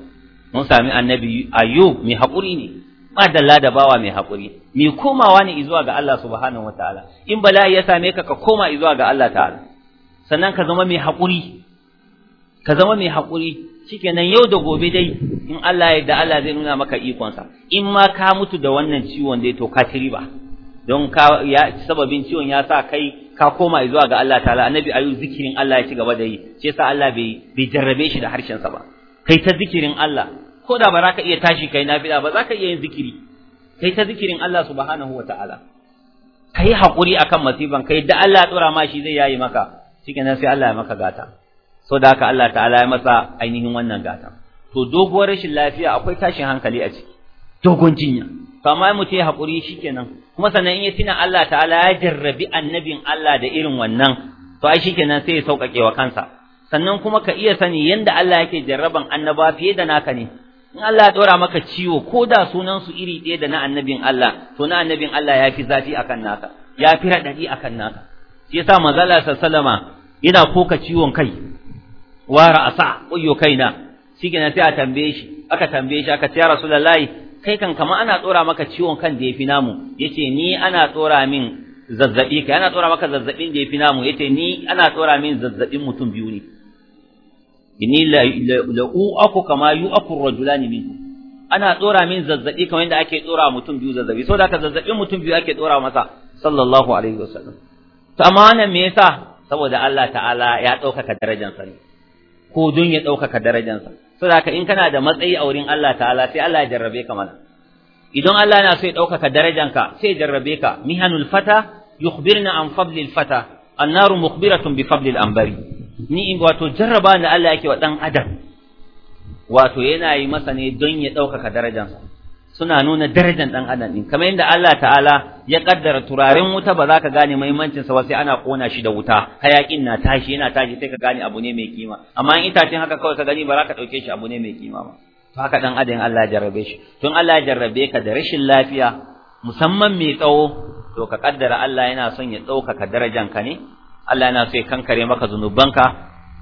mun sami annabi ayyub mai haƙuri ne madalla da bawa mai haƙuri mai komawa ne zuwa ga Allah subhanahu wataala in bala'i ya same ka ka koma zuwa ga Allah ta'ala sannan ka zama mai haƙuri ka zama mai haƙuri shikenan yau da gobe dai in Allah ya da Allah zai nuna maka ikonsa in ma ka mutu da wannan ciwon dai to ka ci riba don ka sababin ciwon ya sa kai ka koma zuwa ga Allah ta'ala annabi ayu zikirin Allah ya ci gaba da yi shi sa Allah bai bai jarrabe shi da harshen sa ba kai ta zikirin Allah ko da ba za ka iya tashi kai nafila ba za ka iya yin zikiri kai ta zikirin Allah subhanahu wataala kai hakuri akan masiban kai da Allah ya dora ma shi zai yayi maka shikenan sai Allah ya maka gata so da haka Allah ta'ala ya masa ainihin wannan gata to doguwar rashin lafiya akwai tashin hankali a ciki dogon jinya to amma mu ta hakuri shikenan kuma sannan in ya tina Allah ta'ala ya jarrabi annabin Allah da irin wannan to ai shikenan sai ya sauƙaƙe wa kansa sannan kuma ka iya sani yanda Allah yake jarraban annaba fiye da naka ne in Allah ya ɗora maka ciwo ko da sunansu iri ɗaya da na annabin Allah to na annabin Allah ya fi zafi akan naka ya fi raɗaɗi akan naka shi yasa manzala sallama yana koka ciwon kai wara asa kai kaina shi gina sai a tambaye shi aka tambaye shi aka ce ya rasulullahi kai kan kama ana tsora maka ciwon kan da ya fi namu yace ni ana tsora min zazzaɓi kai ana tsora maka zazzaɓin da ya fi namu yace ni ana tsora min zazzaɓin mutum biyu ne inni la'u'aku kama yu'aku rajulani minkum ana tsora min zazzabi kamar yadda ake tsora mutum biyu zazzabi so da ka zazzabin mutum biyu ake tsora masa sallallahu alaihi wasallam to amma wannan me yasa saboda Allah ta'ala ya ɗaukaka darajarsa ne ko don ya ɗaukaka darajarsa so da ka in kana da matsayi a wurin Allah ta'ala sai Allah ya jarrabe ka mana idan Allah yana so ya ɗaukaka darajanka sai ya jarrabe ka mihanul fata yukhbirna an fadlil fata annaru mukhbiratun bi fadlil anbari ni wato jarraba da Allah yake wa dan adam wato yana yi masa ne don ya daukaka darajarsa suna nuna darajar dan adam din kamar yadda Allah ta'ala ya kaddara turaren wuta ba za ka gane muhimmancin sa sai ana kona shi da wuta hayakin na tashi yana tashi sai ka gane abu ne mai kima amma in itacin haka kawai ka gani ba za ka dauke shi abu ne mai kima ba to haka dan adam Allah ya jarrabe shi tun Allah ya jarrabe ka da rashin lafiya musamman mai tsawo to ka kaddara Allah yana son ya ɗaukaka ka ne Allah yana so ya kankare maka zunubanka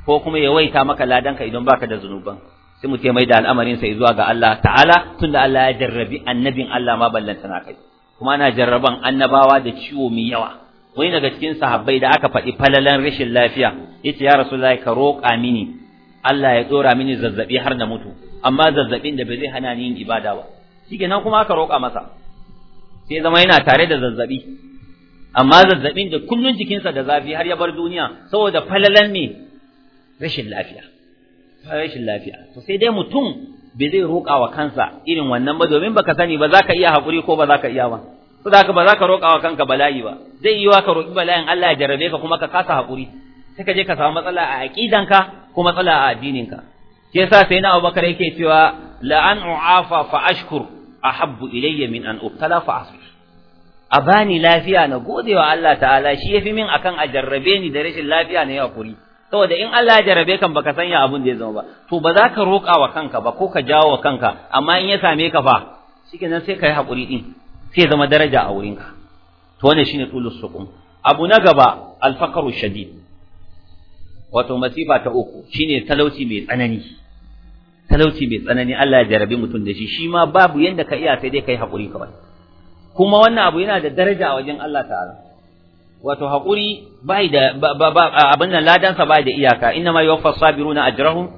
ko kuma ya waita maka ladanka idan baka da zunuban sai mu taimai da al'amarin sai zuwa ga Allah ta'ala tunda Allah ya jarrabi annabin Allah ma ballanta na kai kuma ana jarraban annabawa da ciwo mai yawa wani daga cikin sahabbai da aka faɗi falalan rashin lafiya yace ya rasulullahi ka roƙa mini Allah ya dora mini zazzabi har na mutu amma zazzabin da ba zai hana ni yin ibada ba shikenan kuma aka roƙa masa sai zama yana tare da zazzabi amma zazzabin da kullun jikinsa da zafi har ya bar duniya saboda falalan ne rashin lafiya rashin lafiya to sai dai mutum bai zai roƙa wa kansa irin wannan ba domin baka sani ba ka iya haƙuri ko ba ka iya ba saboda haka ba roƙa wa kanka bala'i ba zai yi wa ka roƙi bala'in Allah ya jarabe ka kuma ka kasa haƙuri sai ka je ka samu matsala a aqidanka ko matsala a addininka ke sa sai na Abubakar yake cewa la an u'afa fa ashkur ahabbu ilayya min an ubtala fa asbir a bani lafiya na gode wa Allah ta'ala shi yafi min akan a jarrabe ni da rashin lafiya na yau kuri saboda in Allah ya jarrabe kan baka sanya abin da ya zama ba to ba za ka roƙa wa kanka ba ko ka jawo wa kanka amma in ya same ka fa shikenan sai ka yi haƙuri din sai zama daraja a wurinka to wannan shine tulus suqum abu na gaba alfaqaru shadid wato masifa ta uku shine talauci mai tsanani talauci mai tsanani Allah ya jarrabe mutum da shi shi ma babu yanda ka iya sai dai kai haƙuri kawai kuma wannan abu yana da daraja a wajen Allah ta'ala wato haƙuri bai da abin nan ladansa bai da iyaka inna ma yuwaffa sabiruna ajrahum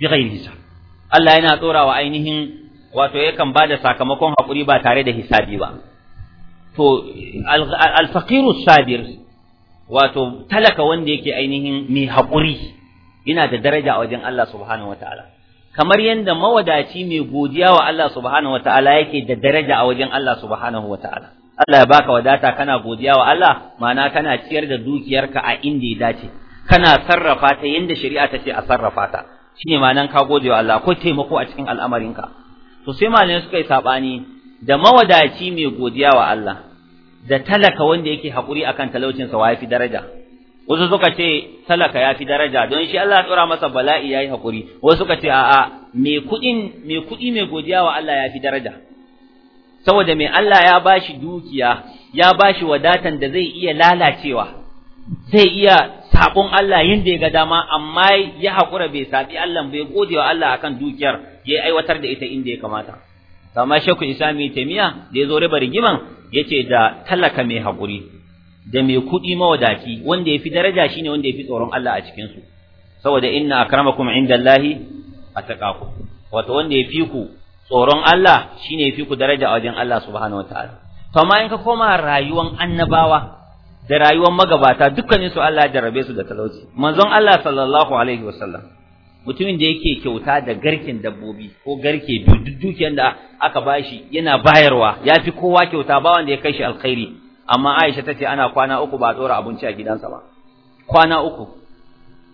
bighairi hisab Allah yana tsorawa ainihin wato yakan bada sakamakon haƙuri ba tare da hisabi ba to al-faqiru sabir wato talaka wanda yake ainihin mai haƙuri yana da daraja a wajen Allah subhanahu wataala kamar yadda mawadaci mai godiya wa Allah subhanahu wataala yake da daraja a wajen Allah subhanahu wataala Allah ya baka wadata kana godiya wa Allah ma'ana kana ciyar da dukiyarka a inda ya dace kana sarrafa ta yadda shari'a ta ce a sarrafa ta shine ma'anan ka gode wa Allah ko taimako a cikin al'amarinka to sai malamai suka yi sabani da mawadaci mai godiya wa Allah da talaka wanda yake hakuri akan talaucin talaucinsa wa yafi daraja wasu suka ce talaka ya fi daraja don shi Allah ya tsora masa bala'i ya yi haƙuri wasu suka ce a'a mai kudin mai kuɗi mai godiya wa Allah ya fi daraja saboda mai Allah ya bashi dukiya ya bashi wadatan da zai iya lalacewa zai iya sabon Allah yinda ya ga dama amma ya hakura bai sabi Allah bai gode wa Allah akan dukiyar ya aiwatar da ita inda ya kamata amma shekul islami taimiya da ya zo riba rigiman yace da talaka mai hakuri da mai kuɗi mawadaci wanda ya fi daraja shine wanda ya fi tsoron Allah a cikinsu saboda inna akramakum a taƙaƙo Wata wanda ya fi ku tsoron Allah shine ya fi ku daraja a wajen Allah subhanahu wataala to amma in ka koma rayuwar annabawa da rayuwar magabata dukkanin su Allah ya jarrabe su da talauci manzon Allah sallallahu alaihi wasallam mutumin da yake kyauta da garkin dabbobi ko garke biyu duk dukiyar da aka bashi yana bayarwa ya fi kowa kyauta ba wanda ya kai shi alkhairi amma Aisha tace ana kwana uku ba tsora abinci a gidansa ba kwana uku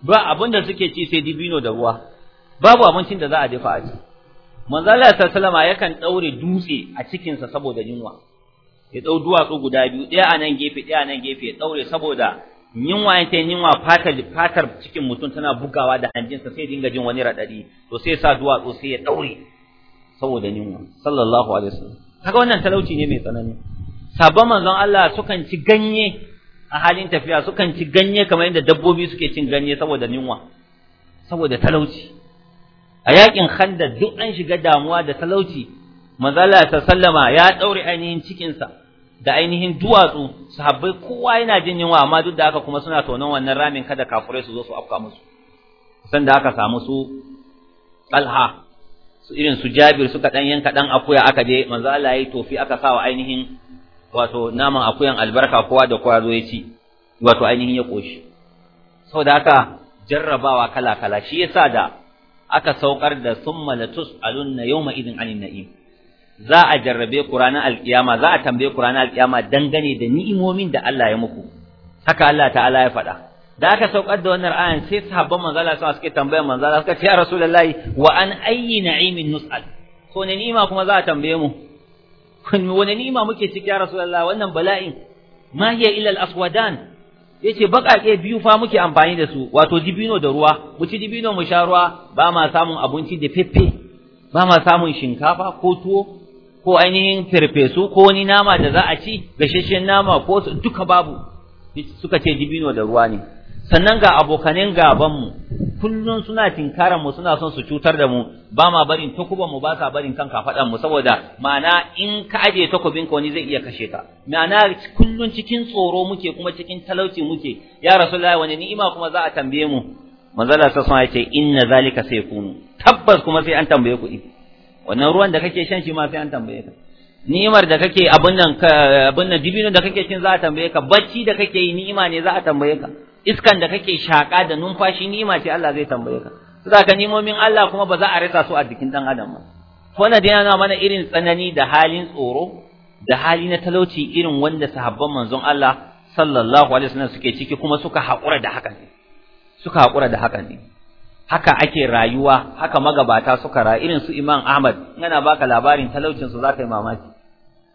ba abinda suke ci sai dibino da ruwa babu abincin da za a dafa a ci manzo Allah sallallahu yakan daure dutse a cikin sa saboda yunwa ya dau duwatsu guda biyu daya a nan gefe daya a nan gefe ya daure saboda yunwa yake yunwa fatar fatar cikin mutum tana bugawa da hanjinsa sai dinga jin wani radadi to sai sa duwatsu sai ya daure saboda yunwa sallallahu alaihi wasallam kaga wannan talauci ne mai tsanani sabon manzon Allah sukan ci ganye a halin tafiya sukan ci ganye kamar yadda dabbobi suke cin ganye saboda ninwa saboda talauci a yakin handa duk an shiga damuwa da talauci manzala ta sallama ya daure ainihin cikinsa da ainihin duwatsu sahabbai kowa yana jin yunwa amma duk da haka kuma suna tonon wannan ramin kada kafurai su zo su afka musu san da aka samu su Alha, su irin su jabir suka dan yanka dan akuya aka je manzo Allah yayi tofi aka sawa ainihin wato naman akuyan albarka kowa da kowa zo ya ci wato ainihin ya koshi saboda haka jarrabawa kala kala shi yasa da aka saukar da summa latus'alunna yawma idin anin na'im za a jarrabe ku ranar za a tambaye ku ranar alkiyama dangane da ni'imomin da Allah ya muku haka Allah ta'ala ya faɗa da aka saukar da wannan ayan sai sahabban manzala sun suke tambayar manzala suka ce ya rasulullahi wa an ayyi na'imin nus'al ko ne ni'ima kuma za a tambaye mu <laughs> wani nima muke ciki ya rasulullah wannan bala'in ma hiya illa al-aswadan yace bakake biyu fa muke amfani da su wato dibino da ruwa mu ci dibino mu sha ruwa ba ma samun abinci da fefe ba ma samun shinkafa ko tuwo ko ainihin firfesu ko wani nama da za a ci gashashen nama ko duka babu suka ce dibino da ruwa ne sannan ga abokanin gabanmu kullun suna tinkaran mu suna son su cutar da mu ba ma barin takuban mu ba sa barin kan kafadan mu saboda ma'ana in ka aje takubin ka wani zai iya kashe ka ma'ana kullun cikin tsoro muke kuma cikin talauci muke ya rasulullahi wani ni'ima kuma za a tambaye mu manzala ta sun ce inna zalika sai kunu tabbas kuma sai an tambaye ku wannan ruwan da kake shan shi ma sai an tambaye ka ni'imar da kake abin nan abin nan dibino da kake cin za a tambaye ka bacci da kake yi ni'ima ne za a tambaye ka iskan da kake shaka da numfashi nima ce Allah zai tambaye ka za ka nimomin Allah kuma ba za a rasa su a jikin dan adam ba na dai yana mana irin tsanani da halin tsoro da hali na talauci irin wanda sahabban manzon Allah sallallahu alaihi wasallam suke ciki kuma suka haƙura da hakan suka haƙura da hakan ne haka ake rayuwa haka magabata suka ra irin su Imam Ahmad ina baka labarin talaucin su zaka yi mamaki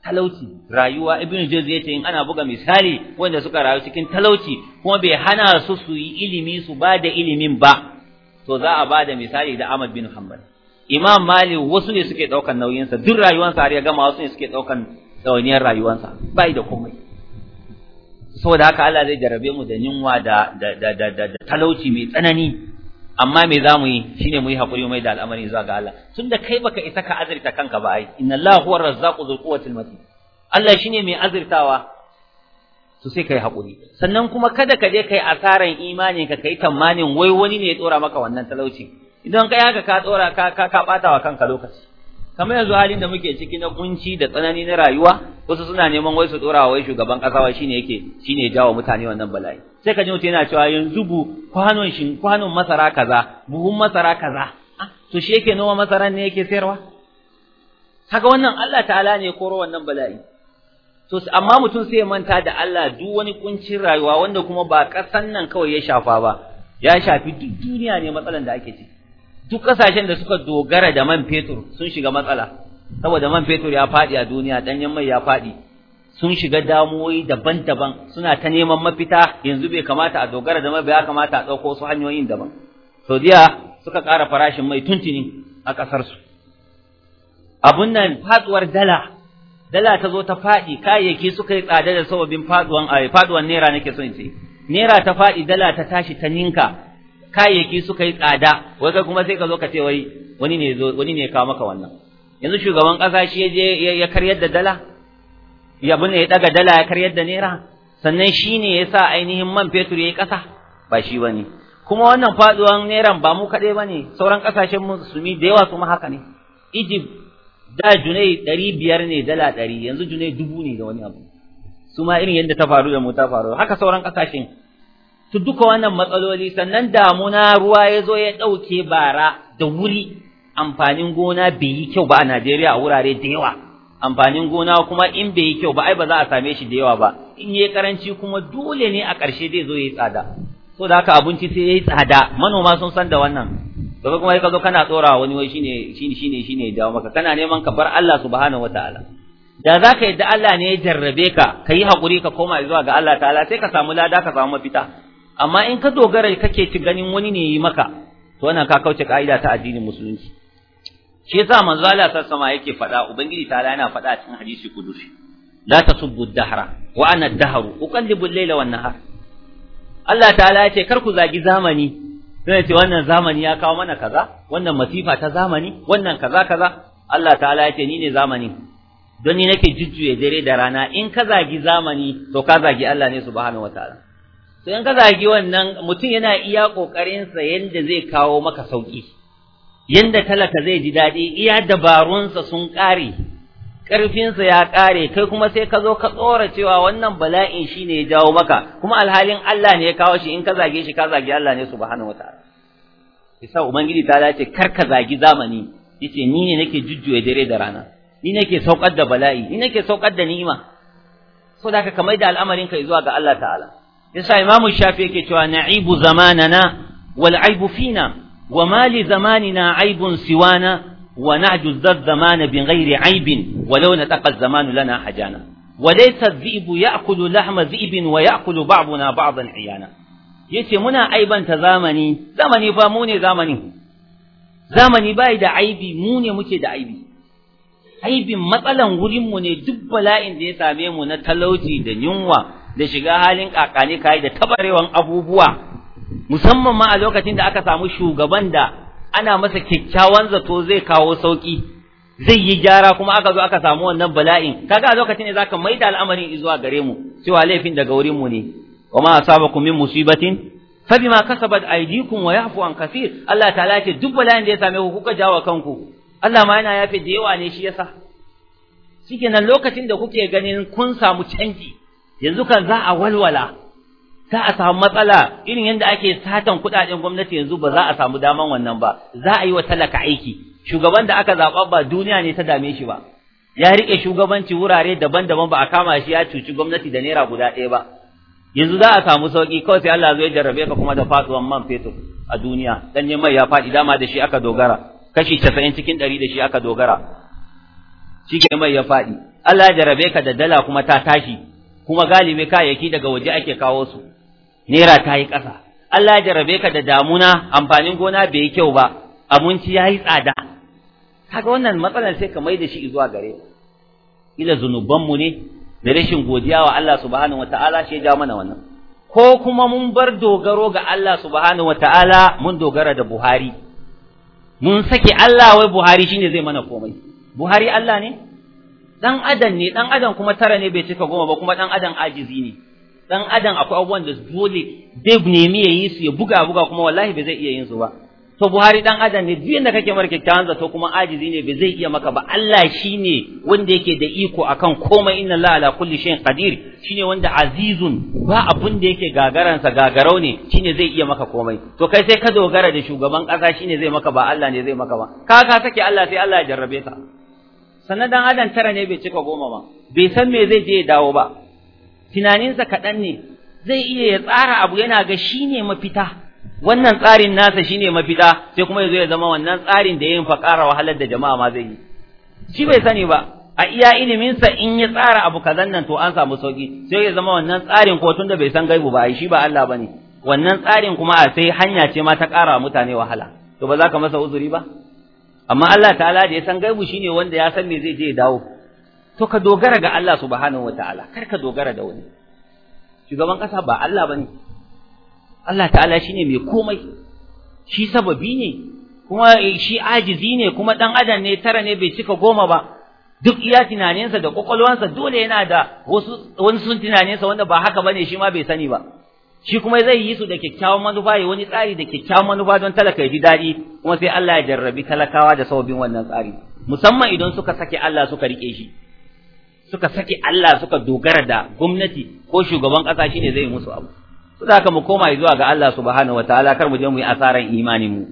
talauci rayuwa ibnu juz yace in ana buga misali wanda suka rayu cikin talauci kuma bai hana su su yi ilimi su ba da ilimin ba to za a ba da misali da Ahmad bin Hanbal Imam Malik wasu ne suke daukan nauyinsa duk rayuwarsa har ya gama wasu ne suke daukan dawaniyar rayuwarsa bai da komai saboda haka Allah zai jarabe mu da yunwa da da da talauci mai tsanani amma me za mu yi shine mu yi hakuri mai da al'amari zuwa ga Allah tunda kai baka isa ka azurta kanka ba ai inna Allah huwa razzaqu dhul quwwati matin Allah shine mai azurtawa to sai kai hakuri sannan kuma kada ka je kai asaran imani ka kai tamanin wai wani ne ya tsora maka wannan talauci idan kai haka ka tsora ka ka, ka wa kanka lokaci kamar yanzu halin da muke ciki na kunci da tsanani na rayuwa wasu suna neman wai su dora wai shugaban kasa wai shine yake shine jawo mutane wannan bala'i sai ka ji mutum yana cewa yanzu bu kwanon shin kwanon masara kaza buhun masara kaza ah, to shi yake noma masara ne yake sayarwa haka wannan Allah ta'ala ne ya koro wannan bala'i to amma mutum sai ya manta da Allah duk wani kuncin rayuwa wanda kuma ba kasan nan kawai ya shafa ba ya shafi duk duniya ne matsalan da ake ciki duk kasashen da suka dogara da man fetur sun shiga matsala saboda man fetur ya faɗi a duniya danyen mai ya faɗi sun shiga damuwoyi daban-daban suna ta neman mafita yanzu bai kamata a dogara da mai ba ya kamata a ɗauko su hanyoyin daban saudiya suka ƙara farashin mai tuntuni a ƙasarsu abun nan faɗuwar dala dala ta zo ta faɗi kayayyaki suka yi tsada da sababin faduwan faɗuwan naira nake son ce naira ta faɗi dala ta tashi ta ninka kayayyaki suka yi tsada wai kai kuma sai ka zo ka ce wai wani ne zo wani ne kawo maka wannan yanzu shugaban kasa shi ya je ya karyar da dala ya bune ya daga dala ya karyar da naira sannan shi ne ya sa ainihin man fetur ya yi ƙasa, ba shi ba ne. kuma wannan faduwan neran ba mu kaɗai ne, sauran ƙasashen musulmi da yawa kuma haka ne Egypt da junai ɗari biyar ne dala ɗari yanzu junai dubu ne da wani abu su ma irin yadda ta faru da mu ta faru haka sauran ƙasashen to duka wannan matsaloli sannan damuna ruwa ya zo ya ɗauke bara da wuri amfanin gona bai yi kyau ba a Najeriya a wurare da yawa amfanin gona kuma in bai yi kyau ba ai ba za a same shi da yawa ba in yayi karanci kuma dole ne a ƙarshe zai zo yayi tsada so da haka abinci sai yayi tsada manoma sun san da wannan daga kuma zo kana tsora wani wai shine shine shine shine dawo maka kana neman ka bar Allah subhanahu wataala da zaka yadda Allah ne ya jarrabe ka ka yi hakuri ka koma zuwa ga Allah ta'ala sai ka samu lada ka samu mafita amma in ka dogara kake ci ganin wani ne yi maka to wannan ka kauce ka'ida ta addinin musulunci shi yasa manzo Allah ta sama yake faɗa ubangiji ta yana faɗa cikin hadisi kudusi la tasubbu dahra wa ana dahru uqallibu al-layla wan nahar Allah ta'ala ya ce kar ku zagi zamani sai ce wannan zamani ya kawo mana kaza wannan masifa ta zamani wannan kaza kaza Allah ta'ala ya ce ni ne zamani don ni nake jujjuye dare da rana in ka zagi zamani to ka zagi Allah ne subhanahu wataala to in ka zagi wannan mutum yana iya ƙoƙarinsa yadda yanda zai kawo maka sauki yanda talaka zai ji daɗi, iya dabarunsa sun ƙare, ƙarfinsa ya kare kai kuma sai ka zo ka tsora cewa wannan bala'in shine ya jawo maka kuma alhalin Allah ne ya kawo shi in ka zage shi ka zage Allah ne subhanahu wataala yasa ubangiji ta dace kar ka zagi zamani yace ni ne nake jujjuya dare da rana ni nake saukar da bala'i ni nake saukar da ni'ima saboda ka kamar da al'amarin ka zuwa ga Allah ta'ala yasa imamu shafi yake cewa na'ibu zamanana wal aibu fina wa mali zamanina aibun siwana wa nahju zamana bi ghairi aibin walau nataqa zamanu lana hajana walaysa dhi'bu ya'kulu lahma dhi'bin wa ya'kulu ba'duna ba'dan iyana yace muna aibanta zamani zamani fa mu ne zamanin zamani bai da aibi mu ne muke da aibi aibin matsalan wurinmu ne duk bala'in da ya same mu na talauci da yunwa da shiga halin kakani kai da tabarewan abubuwa musamman ma a lokacin da aka samu shugaban da ana masa kyakkyawan zato zai kawo sauki zai yi gyara kuma aka zo aka samu wannan bala'in kaga a lokacin ne zaka maida al'amarin zuwa gare mu cewa laifin daga wurin mu ne wa ma asabakum min musibatin bima kasabat aydikum wa yafu an kaseer Allah ta'ala ce duk bala'in da ya same ku kuka jawo kanku Allah ma yana yafe da yawa ne shi yasa shikenan lokacin da kuke ganin kun samu canji yanzu kan za a walwala za a samu matsala irin yadda ake satan kudaden gwamnati yanzu ba za a samu daman wannan ba za a yi wa talaka aiki shugaban da aka zaɓa ba duniya ne ta dame shi ba ya rike shugabanci wurare daban-daban ba a kama shi ya cuci gwamnati da naira guda ɗaya ba yanzu za a samu sauki kawai sai Allah zai jarrabe ka kuma da faduwan man fetur a duniya danye mai ya faɗi dama da shi aka dogara kashi 90 cikin 100 da shi aka dogara shi ke mai ya faɗi Allah ya jarrabe ka da dala kuma ta tashi kuma galibi kayayyaki daga waje ake kawo su Nera ta yi ƙasa Allah ya jarabe ka da damuna amfanin gona bai yi kyau ba abinci ya yi tsada kaga wannan matsalar sai ka mai da shi zuwa gare ila zunubanmu ne da rashin godiya wa Allah subhanahu wataala shi ya ja mana wannan ko kuma mun bar dogaro ga Allah subhanahu wataala mun dogara da Buhari mun sake Allah wai Buhari shine zai mana komai Buhari Allah ne dan adam ne dan adam kuma tara ne bai cika goma ba kuma dan adam ajizi ne dan adam akwai abubuwan da dole ne mi ya yi su ya buga buga kuma wallahi bai zai iya yin su ba to buhari dan adam ne duk da kake mara kyakkyawan zato kuma ajizi ne bai zai iya maka ba Allah shine wanda yake da iko akan komai inna Allah ala kulli shay'in qadir shine wanda azizun ba abun da yake gagaransa gagarau ne shine zai iya maka komai to kai sai ka dogara da shugaban kasa shine zai maka ba Allah ne zai maka ba ka ka sake Allah sai Allah ya jarrabe ka sannan dan adam tara ne bai cika goma ba bai san me zai je ya dawo ba tunaninsa kaɗan ne zai iya ya tsara abu yana ga shine mafita wannan tsarin nasa shine mafita sai kuma ya zo ya zama wannan tsarin da yayin fa ƙara wahalar da jama'a ma zai yi shi bai sani ba a iya iliminsa in ya tsara abu kazan nan to an samu sauki sai ya zama wannan tsarin ko da bai san gaibu ba ai shi ba Allah bane wannan tsarin kuma a sai hanya ce ma ta ƙara mutane wahala to ba za ka masa uzuri ba amma Allah ta'ala da ya san gaibu shine wanda ya san me zai je ya dawo to ka dogara ga Allah subhanahu wataala kar ka dogara da wani shugaban kasa ba Allah bane Allah ta'ala shine mai komai shi sababi ne kuma shi ajizi ne kuma dan adam ne tara ne bai cika goma ba duk iya tunaninsa da kwakwalwansa dole yana da wasu wani sun tunaninsa wanda ba haka bane shi ma bai sani ba shi kuma zai yi su da kyakkyawan manufa ya wani tsari da kyakkyawan manufa don talaka ya ji daɗi kuma sai Allah ya jarrabi talakawa da sababbin wannan tsari musamman idan suka sake Allah suka rike shi suka sake Allah suka dogara da gwamnati ko shugaban ƙasa shine zai musu abu su da haka mu koma zuwa ga Allah subhanahu wataala kar mu je mu yi asaran imanin mu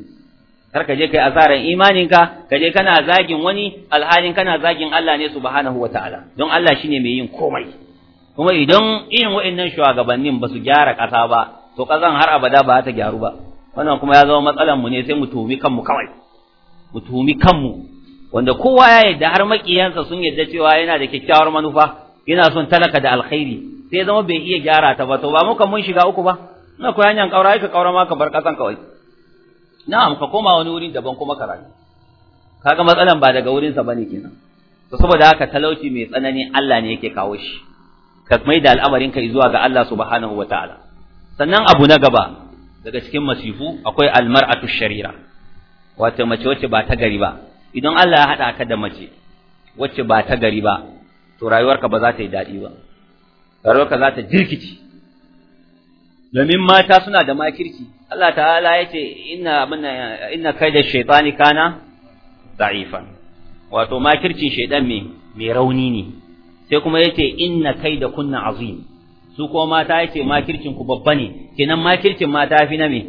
kar ka je kai asaran imaninka ka je kana zagin wani alhalin kana zagin Allah ne subhanahu wataala don Allah shine mai yin komai kuma idan irin wa'annan shugabannin ba su gyara ƙasa ba to ƙasan har abada ba ta gyaru ba wannan kuma ya zama matsalan mu ne sai mu tuhumi kanmu kawai mu tuhumi kanmu wanda kowa ya yarda har makiyansa sun yarda cewa yana da kyakkyawar manufa yana son talaka da alkhairi sai zama bai iya gyara ta ba to ba muka mun shiga uku ba na koyi hanyar ƙaura ka ƙaura ma ka bar ƙasan kawai na'am ka koma wani wuri daban kuma ka rayu kaga matsalan ba daga wurinsa bane kenan to saboda haka talauci mai tsanani Allah ne yake kawo shi ka mai da al'amarinka zuwa ga Allah subhanahu ta'ala, sannan abu na gaba daga cikin masifu akwai almar'atu sharira wato mace wacce ba ta gari ba idan Allah ya hada ka da mace wacce ba ta gari ba to rayuwarka ba za ta yi dadi ba rayuwarka za ta jirkici domin mata suna da makirci Allah ta'ala yace inna abinna inna kaida shaytani kana da'ifan wato makircin shaydan me me rauni ne sai kuma yace inna kaida kunna azim su ko mata yace makircin ku babba ne kenan makircin mata fi na me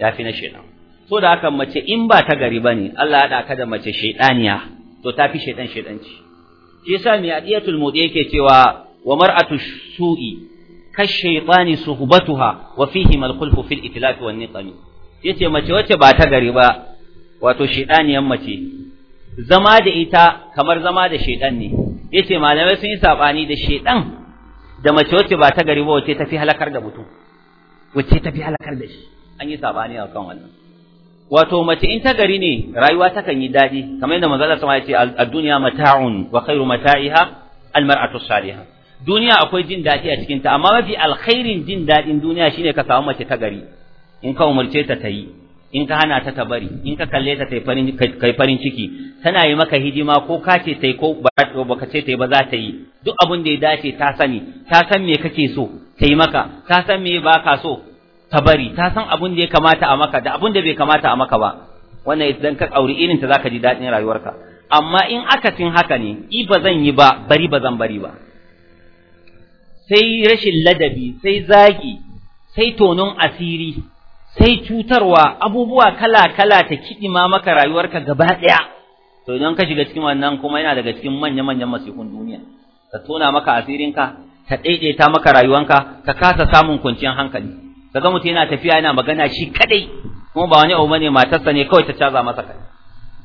yafi na shedan so da haka mace in ba ta gari bane Allah ya da ka da mace shedaniya to tafi shedan shedanci shi yasa mai adiyatul mudi yake cewa wa mar'atu su'i kashaytani suhbatuha wa fihi malqulfu fil itlaf wan niqam yace mace wacce ba ta gari ba wato shedaniyan mace zama da ita kamar zama da shedan ne yace malamai sun yi sabani da shedan da mace wacce ba ta gari ba wacce tafi halakar da mutum wacce tafi halakar da shi an yi sabani a kan wannan wato mace in ta gari ne rayuwa takan yi daɗi kamar yadda manzo sama a ce ad-dunya mata'un wa khairu mata'iha al-mar'atu salihah duniya akwai jin daɗi a cikin ta amma mafi alkhairin jin daɗin duniya shine ka samu mace ta gari in ka umarce ta ta yi in ka hana ta tabari bari in ka kalle ta tai farin kai farin ciki tana yi maka hidima ko ka ce tai ko baka ce tai ba za ta yi duk abin da ya dace ta sani ta san me kake so tai yi maka ta san me ba so tabari bari ta san abin da ya kamata a maka da abin da bai kamata a maka ba wannan idan ka aure irin ta zaka ji daɗin rayuwarka amma in aka akasin haka ne i ba zan yi ba bari ba zan bari ba sai rashin ladabi sai zagi sai tonon asiri sai cutarwa abubuwa kala-kala ta kiɗima maka rayuwarka gaba ɗaya to idan ka shiga cikin wannan kuma yana daga cikin manya-manyan masifin duniya ta tona maka asirinka ta ɗaiɗaita maka rayuwanka ka kasa samun kwanciyar hankali kaga mutum yana tafiya yana magana shi kaɗai kuma ba wani abu bane matarsa ne kawai ta caza masa kai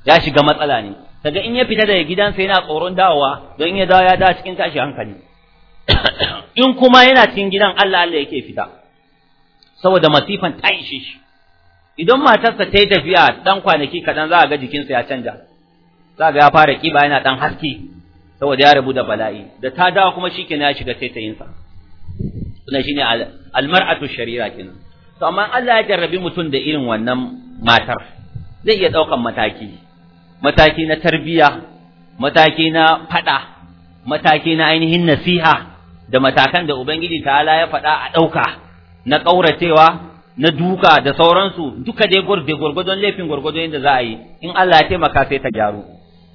ya shiga matsala ne kaga in ya fita daga gidansa yana tsoron dawowa don in ya dawo ya dawo cikin tashi hankali <coughs> in kuma yana cikin gidan Allah Allah yake fita saboda masifan ta ishe shi idan matarsa ta yi tafiya dan kwanaki kaɗan za a ga jikinsa ya canja za ga ya fara kiba yana dan haske saboda ya rabu da bala'i da ta dawo kuma shikenan ya shiga taitayinsa sunan shine almar'atu sharira kenan to amma Allah ya jarrabi mutum da irin wannan matar zai iya daukan mataki mataki na tarbiya mataki na fada mataki na ainihin nasiha da matakan da ubangiji ala ya fada a dauka na ƙauracewa na duka da sauransu duka dai gurbe gurgudon laifin gurgudon yadda za a yi in Allah ya taimaka sai ta gyaru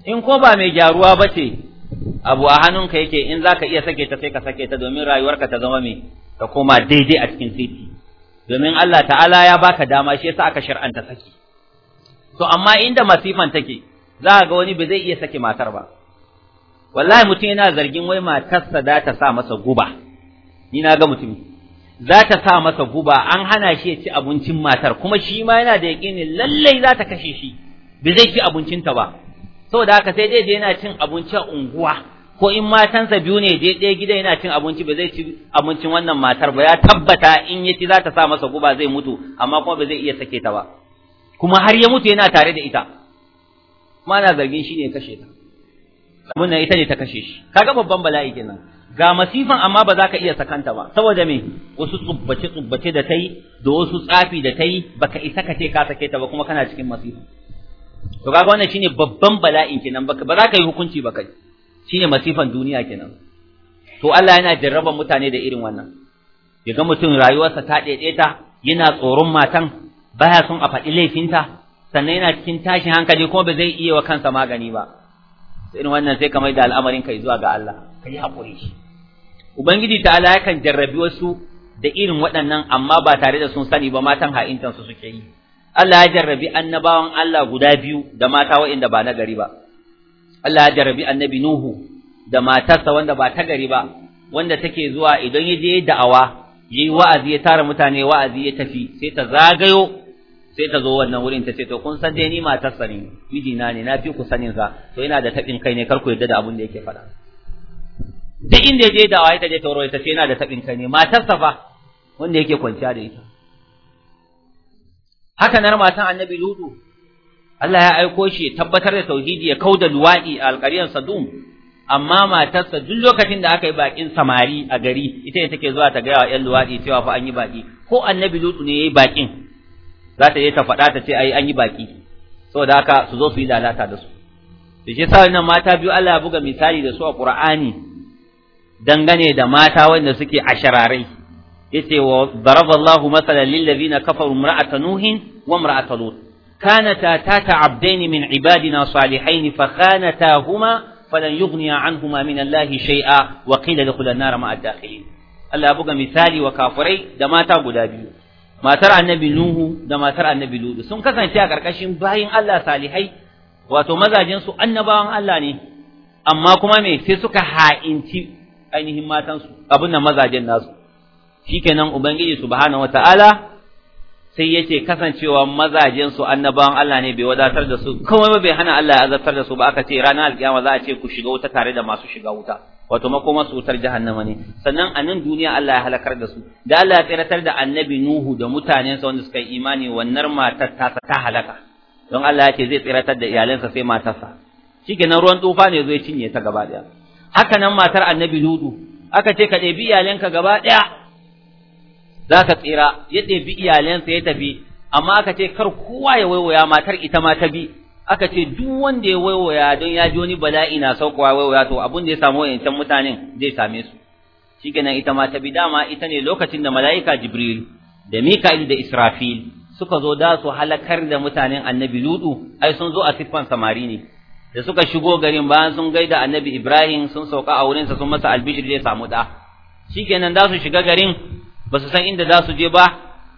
in ko ba mai gyaruwa ba ce abu a hannunka yake in za ka iya sake ta sai ka sake ta domin rayuwarka ta zama mai ta koma daidai a cikin siti. domin Allah ta'ala ya baka dama shi yasa aka shar'anta saki to amma inda masifan take za ga wani ba zai iya sake matar ba wallahi mutum yana zargin wai matarsa za ta sa masa guba ni na ga mutum za ta sa masa guba an hana shi ya ci abincin matar kuma shi ma yana da ne lallai za ta kashe shi bai zai ci abincinta ba saboda haka sai dai yana cin abinci a unguwa ko in matansa biyu ne dai ɗaya gida yana cin abinci ba zai ci abincin wannan matar ba ya tabbata in ya ci za ta sa masa guba zai mutu amma kuma ba zai iya sake ta ba kuma har ya mutu yana tare da ita kuma ana zargin shi ne kashe ta abin nan ita ne ta kashe shi Ka ga babban bala'i kenan ga masifan amma ba za ka iya sakanta ba saboda me wasu tsubbace tsubbace da tai da wasu tsafi da tai baka isa ka ce ka sake ta ba kuma kana cikin masifa to kaga wannan shine babban bala'in kenan baka ba za ka yi hukunci ba kai shine masifan duniya kenan to Allah yana jarraba mutane da irin wannan ya ga mutum rayuwarsa ta daidaita yana tsoron matan baya son a faɗi ta, sannan yana cikin tashin hankali kuma ba zai iya wa kansa magani ba irin wannan sai ka mai da al'amarin kai zuwa ga Allah Ka yi haƙuri shi ubangiji ta ala yakan jarrabi wasu da irin waɗannan amma ba tare da sun sani ba matan ha'intansu suke yi Allah ya jarrabi annabawan Allah guda biyu da mata waɗanda ba na gari ba Allah ya jarrabi annabi Nuhu da matarsa wanda ba ta gari ba wanda take zuwa idan ya je da'awa ya yi wa'azi ya tara mutane wa'azi ya tafi sai ta zagayo sai ta zo wannan wurin ta ce to kun san dai ni matarsa ne mijina ne na fi ku sanin sa to yana da tabin kai ne kar ku yarda da abin da yake faɗa duk inda je da waye ta je tauro ta ce yana da tabin kai ne matar safa wanda yake kwanciya da ita haka nan matan annabi lutu Allah ya aiko shi tabbatar da tauhidi ya kauda luwadi a alƙariyar sadum amma matarsa duk lokacin da aka yi bakin samari a gari ita ne take zuwa ta gaya wa ƴan luwadi cewa fa an yi baki ko annabi lutu ne yayi bakin za ta je ta faɗa ta ce ai an yi baki saboda haka su zo su yi lalata da su da shi mata biyu Allah ya buga misali da su a Qur'ani dangane da mata wanda suke ashararai yace wa daraballahu masalan lil ladina kafaru imra'at nuhin wa imra'at lut kanata tata abdaini min ibadina salihain fa huma falan yughniya anhuma min allahi shay'a wa qila lahu an-nar ma'a ad-dakhilin Allah buga misali wa kafirai da mata guda biyu matar annabi nuhu da matar annabi lut sun kasance a karkashin bayin Allah salihai wato mazajin su annabawan Allah ne amma kuma me sai suka ha'inci ainihin matansu abin nan mazajen nasu shikenan ubangiji subhanahu wataala sai yace kasancewa mazajen su annabawan Allah ne bai wadatar da su komai bai hana Allah ya azabtar da su ba aka ce ranar alkiyama za a ce ku shiga wuta tare da masu shiga wuta wato makoma su wutar jahannama ne sannan a nan duniya Allah ya halakar da su da Allah ya tsiratar da annabi Nuhu da mutanensa wanda suka yi imani wannan matar ta ta halaka don Allah ya ce zai tsiratar da iyalansa sai matarsa shikenan ruwan tufa ne zai cinye ta gaba daya haka nan matar annabi ludu aka ce ka ɗebi iyalanka gaba ɗaya za ka tsira ya ɗebi iyalansa ya tafi amma aka ce kar kowa ya waiwaya matar ita ma ta bi aka ce duk wanda ya waiwaya don ya ji wani bala'i na saukowa waiwaya to abin da ya samu wayancan mutanen zai same su Shi kenan ita ma ta bi dama ita ne lokacin da mala'ika jibril da mika'il da israfil suka zo da su halakar da mutanen annabi ludu ai sun zo a siffan samari ne da suka shigo garin bayan sun gaida annabi Ibrahim sun sauka a wurinsa sun masa albishir zai samu da shikenan za su shiga garin ba su san inda za su je ba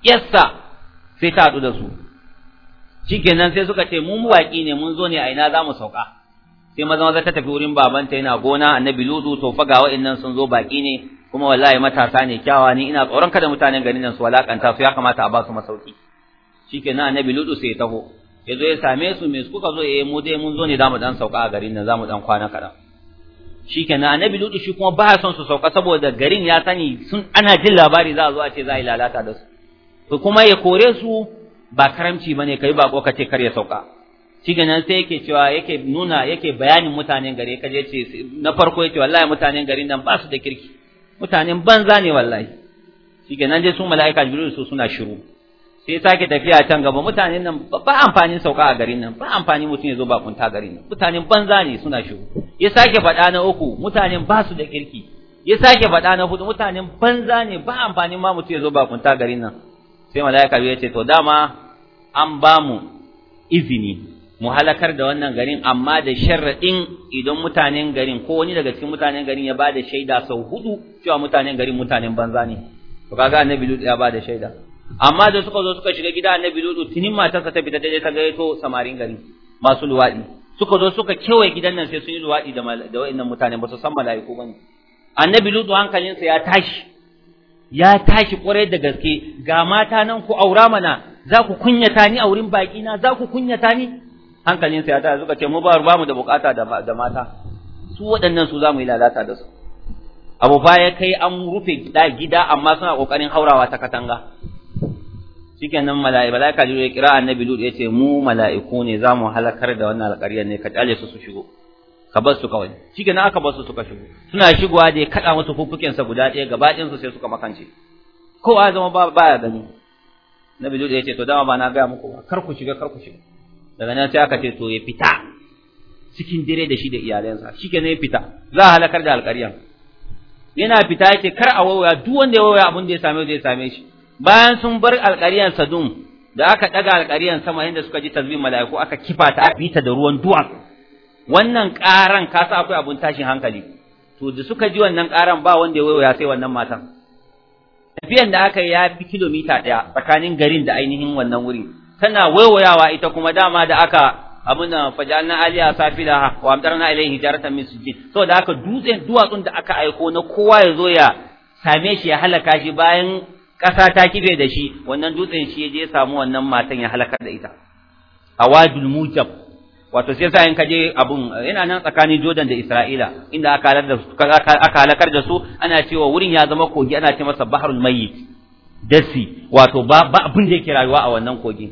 yassa sai ta haɗu da su shikenan sai suka ce mu waƙi ne mun zo ne a ina za mu sauka sai maza maza ta tafi wurin babanta yana gona annabi lutu to faga wa'annan sun zo baƙi ne kuma wallahi matasa ne kyawa ni ina tsoron kada mutanen garin nan su walakanta su ya kamata a ba su masauki shikenan annabi lutu sai ya taho ya zo ya same su me kuka zo eh mu dai mun zo ne zamu dan sauka a garin nan zamu dan kwana kaɗan shikenan annabi lutu shi kuma ba son su sauka saboda garin ya sani sun ana jin labari za a zo a ce za a yi lalata da su to kuma ya kore su ba karamci bane kai ba ko kace kar ya sauka shikenan sai yake cewa yake nuna yake bayanin mutanen gari kaje ce na farko yake wallahi mutanen garin nan ba su da kirki mutanen banza ne wallahi shikenan dai su mala'ika jibril su suna shiru sai sake tafiya can gaba mutanen nan ba amfanin sauka a garin nan ba amfanin mutum ya zo ba kunta garin nan mutanen banza ne suna shiru ya sake faɗa na uku mutanen ba su da kirki ya sake faɗa na hudu mutanen banza ne ba amfanin ma mutum ya zo ba kunta garin nan sai malaika ya ce to dama an ba mu izini mu halakar da wannan garin amma da sharaɗin idan mutanen garin ko wani daga cikin mutanen garin ya ba da shaida sau hudu cewa mutanen garin mutanen banza ne to kaga annabi lut ya ba da shaida amma da suka zo suka shiga gida annabi lutu tinin matarsa ta fita daidai ta ga to samarin gari masu luwadi suka zo suka kewaye gidan nan sai sun yi luwadi da da wayannan mutane ba su san mala'iku bane annabi lutu hankalinsa ya tashi ya tashi kwarai da gaske ga mata nan ku aura mana za ku kunyata ni a wurin baki na za ku kunyata ni sa ya tashi suka ce mu ba mu da bukata da mata su waɗannan su za mu yi lalata da su abu ya kai an rufe gida amma suna kokarin haurawa ta katanga shikenan mala'i malaika jibril ya kira annabi lut yace mu mala'iku ne zamu halakar da wannan alƙaryar ne ka tsale su su shigo ka bar su kawai shikenan aka bar su suka shigo suna shigowa da ya kada musu fuffuken sa guda ɗaya gaba ɗayan su sai suka makance kowa zama ba baya gani nabi lut yace to dama ba na ga muku ba kar ku shiga kar ku shiga daga nan sai aka ce to ya fita cikin dire da shi da iyalansa shikenan ya fita za a halakar da alƙaryar yana fita yace kar a wawaya duk wanda ya wawaya abin da ya same ya same shi bayan sun bar alƙariyar sadum da aka ɗaga alƙariyar sama yadda suka ji tasbih mala'iku aka kifa ta bita da ruwan duwan. wannan ƙaran ka sa akwai abun tashin hankali to da suka ji wannan ƙaran ba wanda ya waiwaya sai wannan matan tafiyan da aka yi ya fi kilomita ɗaya tsakanin garin da ainihin wannan wurin tana waiwayawa ita kuma dama da aka abin nan fajalna aliya da wa amtarna ilayhi hijaratan min sujjid saboda haka dutsen duwatsun da aka aiko na kowa ya zo ya same shi ya halaka shi bayan ƙasa ta kife da shi wannan dutsen shi je samu wannan matan ya halakar da ita A awadul mujab wato sai sai ka je abun yana nan tsakanin Jordan da Isra'ila inda aka halakar da su ana cewa wurin ya zama kogi ana ce masa baharul mayyit dasi wato ba abin da yake rayuwa a wannan kogin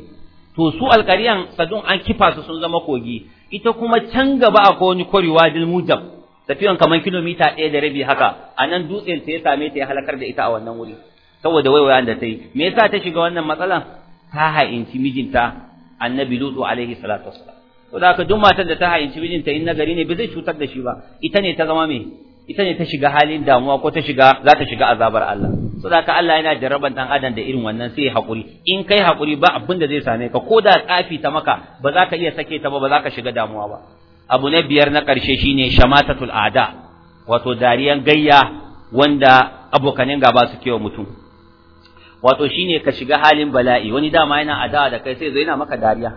to su alkariyan sadun an kifa su sun zama kogi ita kuma can gaba akwai wani kwarewa dil mujab tafiyan kamar kilomita ɗaya da rabi haka a nan dutsen ta ya same ta ya halakar da ita a wannan wuri saboda waiwayan da ta yi me yasa ta shiga wannan matsalan ta ha'inci mijinta annabi lutu alaihi salatu wassalam to da haka duk matan da ta ha'inci mijinta in nagari ne ba zai cutar da shi ba ita ne ta zama me ita ne ta shiga halin damuwa ko ta shiga za ta shiga azabar Allah so da Allah yana jarraban dan adam da irin wannan sai hakuri in kai hakuri ba abin da zai same ka ko da tsafi ta maka ba za ka iya sake ta ba ba za ka shiga damuwa ba abu na biyar na karshe shine shamatatul ada wato dariyan gayya wanda abokanin gaba suke wa mutum wato shine ka shiga halin bala'i wani dama yana adawa da kai sai zai yana maka dariya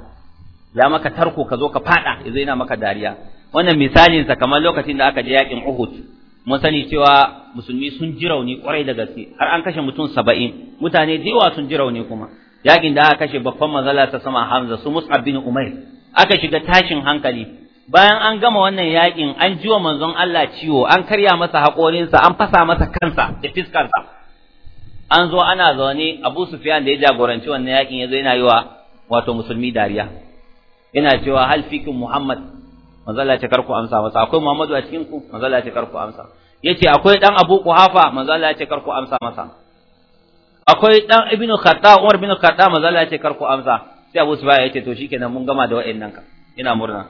ya maka tarko ka zo ka fada zai yana maka dariya wannan misalin sa kamar lokacin da aka je yakin Uhud mun sani cewa musulmi sun ji rauni kwarai da gaske har an kashe mutum 70 mutane da yawa sun ji rauni kuma yakin da aka kashe babban manzala ta sama Hamza su Mus'ab bin Umair aka shiga tashin hankali bayan an gama wannan yakin an ji wa manzon Allah ciwo an karya masa haƙorinsa an fasa masa kansa da fiskarsa an zo ana zaune Abu Sufyan da ya jagoranci wannan yakin ya zo yana yi wa wato musulmi dariya yana cewa hal fikin Muhammad manzo ce karku amsa masa akwai Muhammadu a cikinku ku ce ya karku amsa ce akwai dan Abu Quhafa manzo ce ya karku amsa masa akwai dan Ibn Khattab Umar ibn Khattab mazala ce karku amsa sai Abu ya ce to shikenan mun gama da wa'annan ka ina murna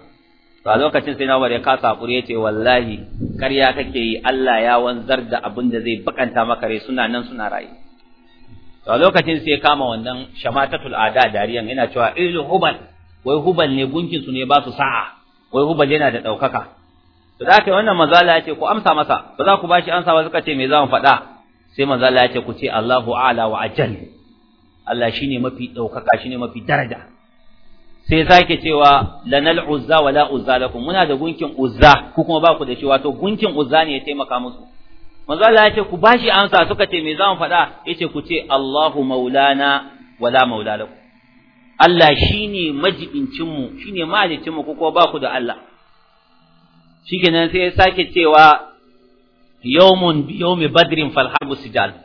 to a lokacin sai na Umar ya kasa ya ce wallahi ƙarya kake yi Allah ya wanzar da abin da zai bakanta maka rai suna nan suna rayu a lokacin sai kama wannan shamatatul ada dariyan yana cewa ilu hubal wai hubal ne gunkin su ne ba su sa'a wai hubal yana da daukaka to zaka kai wannan mazala yace ku amsa masa ba za ku bashi amsa ba suka ce me za mu faɗa sai mazala yace ku ce Allahu a'la wa ajal Allah shine mafi daukaka shine mafi daraja sai sake cewa lanal uzza wala uzza lakum muna da gunkin uzza ku kuma ba ku da shi wato gunkin uzza ne ya taimaka musu manzo Allah ya ku bashi amsa suka ce me za mu faɗa yace ku ce Allahu maulana wala maula lakum Allah shine majibincin mu shine malicin mu ko ba ku da Allah shikenan sai ya sake cewa yawmun bi yawmi badrin fal harbu sijal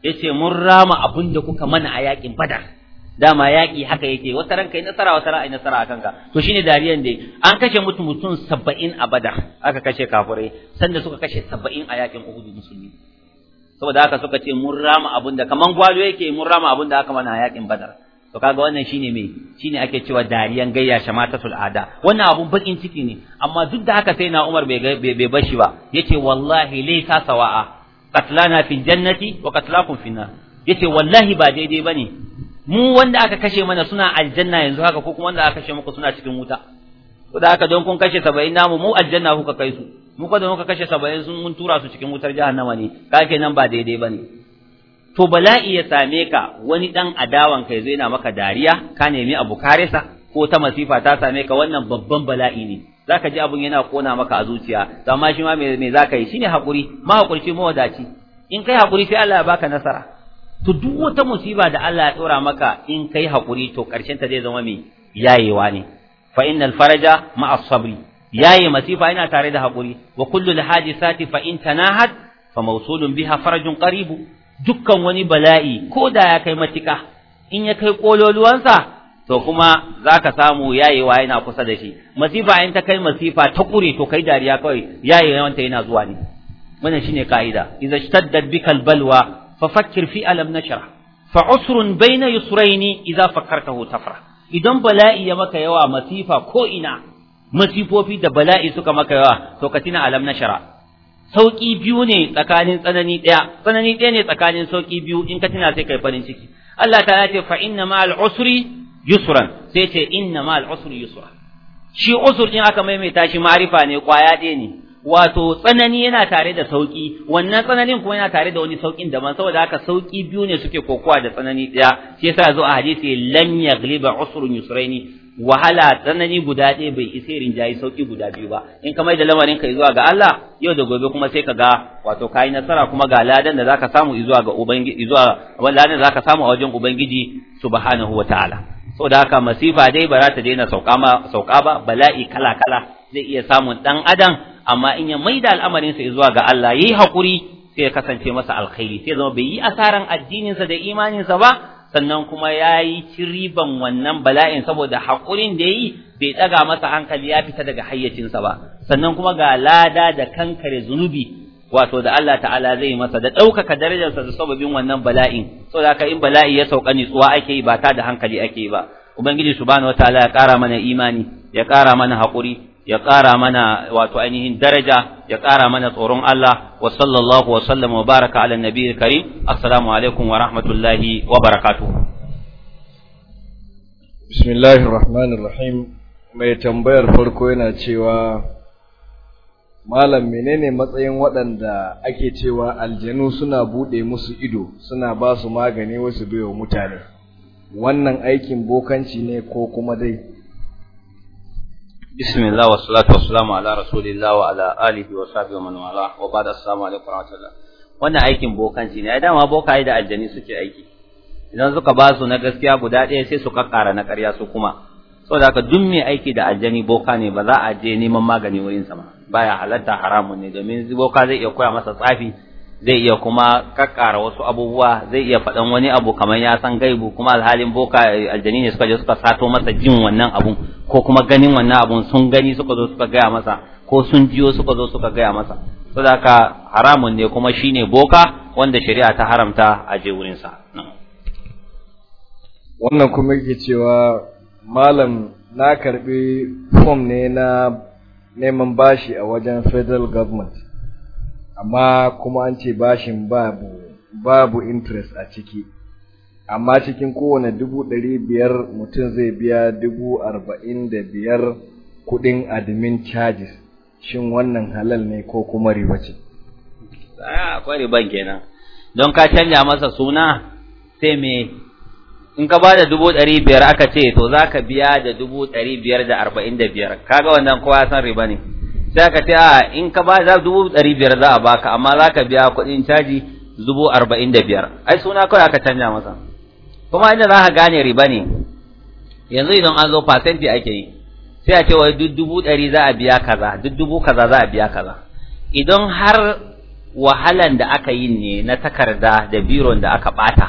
yace mun rama abinda kuka mana a yakin badar dama yaƙi haka yake wata ran kai nasara wata ran ai nasara akan ka to shine dariyan dai an kashe mutu mutum 70 a badar aka kashe kafirai sanda suka kashe 70 a yaƙin uhud musulmi saboda haka suka ce mun rama abinda kaman gwalo yake mun rama abinda aka mana a yaƙin badar to kaga wannan shine me shine ake cewa dariyan gayya shamatatul ada wannan abun bakin ciki ne amma duk da haka sai na Umar bai bai bashi ba yace wallahi laysa sawa'a qatlana fil jannati wa qatlakum finna yace wallahi ba daidai bane mu wanda aka kashe mana suna aljanna yanzu haka ko kuma wanda aka kashe muku suna cikin wuta ko da haka don kun kashe 70 namu mu aljanna kuka kai su mu kada muka kashe 70 sun mun tura su cikin wutar jahannama ne ka ke nan ba daidai bane to bala'i ya same ka wani dan adawan kai zai na maka dariya ka nemi abu karesa ko ta masifa ta same ka wannan babban bala'i ne zaka ji abun yana kona maka a zuciya to amma shi ma me zaka yi shine hakuri ma hakurci mawadaci in kai hakuri sai Allah ya baka nasara to duk wata musiba da Allah ya tsora maka in kai hakuri to karshen ta zai zama mai yayewa ne fa innal faraja ma'a sabri yaye masifa yana tare da hakuri wa kullu sati fa in tanahat fa mawsulun biha farajun qaribu dukkan wani bala'i ko da ya kai matika in ya kai kololuwansa to kuma zaka samu yayewa yana kusa da shi masifa in ta kai masifa ta kure to kai dariya kawai yayewanta yana zuwa ne wannan shine kaida idza shtaddat bikal balwa fafakkir fi alam nashra fa usrun baina yusraini idza fakkartahu tafra idan bala'i ya maka yawa masifa ko ina masifofi da bala'i suka maka yawa to ka tina alam nashra sauki biyu ne tsakanin tsanani daya tsanani daya ne tsakanin sauki biyu in ka tina sai kai farin ciki Allah ta ce fa inna ma al usri yusran sai ce inna ma al usri yusra shi usur din aka maimaita shi ma'rifa ne kwaya ɗaya ne wato tsanani yana tare da sauki wannan tsananin kuma yana tare da wani saukin daban saboda haka sauki biyu ne suke kokowa da tsanani daya shi yasa zo a hadisi lan yaghliba usrun yusraini wahala tsanani guda ɗaya bai isa rinjayi sauki guda biyu ba in ka mai da lamarin ka zuwa ga Allah yau da gobe kuma sai ka ga wato kai nasara kuma ga ladan da zaka samu zuwa ga ubangiji zuwa wallahi ne zaka samu a wajen ubangiji subhanahu wataala saboda haka masifa dai ba za ta daina sauka ma sauka ba bala'i kala kala zai iya samun dan adam amma in ya maida al'amarinsa zuwa ga Allah yayi hakuri sai ya kasance masa alkhairi sai zama bai yi asaran addininsa da imaninsa ba sannan kuma yayi ciriban wannan bala'in saboda hakurin da ya yi bai ɗaga masa hankali ya fita daga hayyacinsa ba sannan kuma ga lada da kankare zunubi wato da Allah ta'ala zai masa da ɗaukaka darajarsa da sababin wannan bala'in saboda haka in bala'i ya sauka nitsuwa ake yi ba ta da hankali ake yi ba ubangiji subhanahu wataala ya ƙara mana imani ya ƙara mana haƙuri ya ƙara mana wato ainihin daraja ya ƙara mana tsoron Allah wa sallallahu wa sallam wa baraka ala nabi karim assalamu alaikum wa rahmatullahi wa barakatuh bismillahir rahmanir rahim mai tambayar farko yana cewa malam menene matsayin waɗanda ake cewa aljanu suna buɗe musu ido suna ba su magani wasu baiwa mutane wannan aikin bokanci ne ko kuma dai بسم الله والصلاة والسلام على رسول الله وعلى آله وصحبه ومن wa وبعد السلام عليكم ورحمة الله wannan aikin bokanci ne ai dama bokaye da aljani suke aiki idan suka ba su na gaskiya guda ɗaya sai su kakkara na ƙarya su kuma saboda haka duk mai aiki da aljani boka ne ba za a je neman magani wurin sa ba baya halatta haramun ne domin boka zai iya koya masa tsafi zai iya kuma kakkara wasu abubuwa zai iya faɗan wani abu kamar ya san gaibu kuma alhalin boka aljani ne suka je suka sato masa jin wannan abun ko kuma ganin wannan abun sun gani suka zo suka gaya masa ko sun jiyo suka zo suka gaya masa saboda haka haramun ne kuma shine boka wanda shari'a ta haramta a je wurin sa wannan kuma yake cewa malam na karbi form ne na neman bashi a wajen federal government amma kuma an ce bashin babu babu interest a ciki amma cikin kowane dubu ɗari biyar mutum zai biya dubu arba'in da biyar kuɗin admin charges shin wannan halal ne ko kuma riba ce akwai riban kenan don ka canja masa suna sai me in ka ba da dubu ɗari biyar aka ce to za ka biya da dubu ɗari biyar da arba'in da biyar kaga wannan kowa san riba ne sai aka ce a ah, in ka ba za dubu ɗari biyar za a baka amma za ka biya kuɗin caji dubu arba'in da biyar ai suna kawai aka canja masa kuma inda za ka gane riba ne yanzu idan an zo fasenti ake yi sai a ce wai duk dubu ɗari za a biya kaza duk dubu kaza za a biya kaza idan har wahalan da aka yi ne na takarda da biron da aka ɓata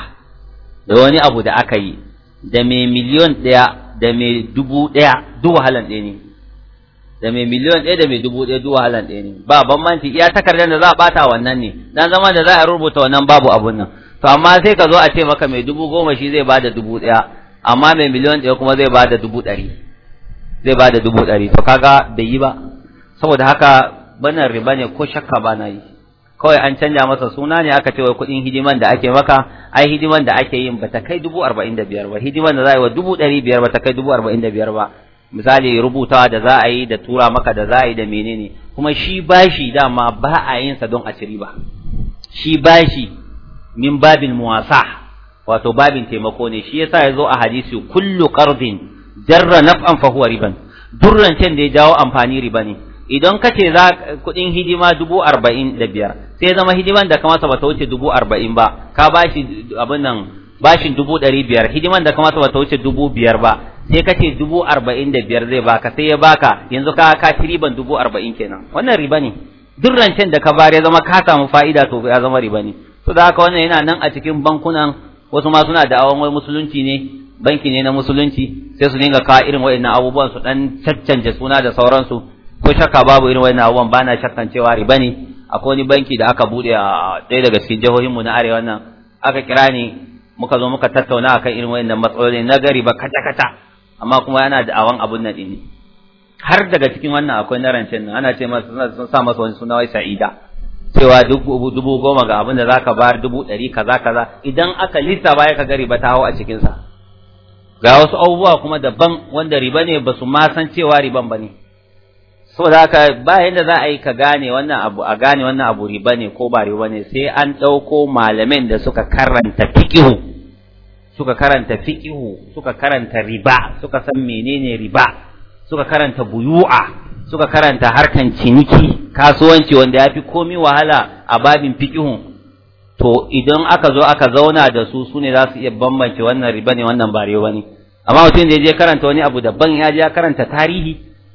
da wani abu da aka yi da mai miliyon ɗaya da mai dubu ɗaya duk wahalan ɗaya ne da mai miliyan ɗaya da mai dubu ɗaya duk wahalan ɗaya ne ba bambanci iya takardar da za a bata wannan ne dan zama da za a rubuta wannan babu abun nan to amma sai ka zo a ce maka mai dubu goma shi zai bada dubu ɗaya amma mai miliyan ɗaya kuma zai bada dubu ɗari zai bada dubu ɗari to kaga bai yi ba saboda haka bana riba ne ko shakka ba na yi kawai an canja masa suna ne aka ce wai kuɗin hidiman da ake maka ai hidiman da ake yin ba ta kai dubu arba'in da biyar ba hidiman da za a yi wa dubu ɗari biyar ba ta kai dubu arba'in da biyar ba misali rubutawa da za a yi da tura maka da za a yi da menene kuma shi bashi dama ba a yin sa don a ci riba shi bashi min babin muwasa wato babin taimako ne shi yasa zo a hadisi kullu qardin jarra naf'an fa huwa riban durran can da ya jawo amfani riba ne idan kace za kuɗin hidima dubu arba'in da biyar sai zama hidiman da kamata bata wuce dubu arba'in ba ka bashi abin nan bashin dubu ɗari biyar hidiman da kamata bata wuce dubu biyar ba sai ka ce dubu arba'in da biyar zai baka sai ya baka yanzu ka ka ci riban dubu arba'in kenan wannan riba ne duk rancen da ka bayar ya zama ka samu fa'ida to ya zama riba ne to da haka wannan yana nan a cikin bankunan wasu ma suna da awon wai musulunci ne banki ne na musulunci sai su dinga kawo irin wa'annan abubuwan su dan caccanje suna da sauransu ko shakka babu irin wa'annan abubuwan bana shakkan cewa riba ne akwai wani banki da aka bude a ɗaya daga cikin jihohin mu na arewa nan aka kira ni muka zo muka tattauna akan irin wa'annan matsaloli na gari ba kata kata amma kuma yana da awan abun nan ne har daga cikin wannan akwai na rancen nan ana ce masa sun sa masa wani suna wai sa'ida cewa dubu goma ga abin da za ka bayar dubu ɗari kaza kaza idan aka lissa baya ka ga riba ta hau a cikinsa ga wasu abubuwa kuma daban wanda riba ne ba su ma san cewa riban ba ne saboda haka ba yadda za a yi ka gane wannan abu a gane wannan abu riba ne ko ba riba ne sai an ɗauko malamin da suka karanta fikihu suka karanta fiqhu suka karanta riba suka san menene riba suka karanta buyu'a suka karanta harkan ciniki kasuwanci wanda yafi komai wahala a babin fiqhu to idan aka zo aka zauna da su sune za su iya bambance wannan riba ne wannan ba ne amma mutum da ya je karanta wani abu daban ya je ya karanta tarihi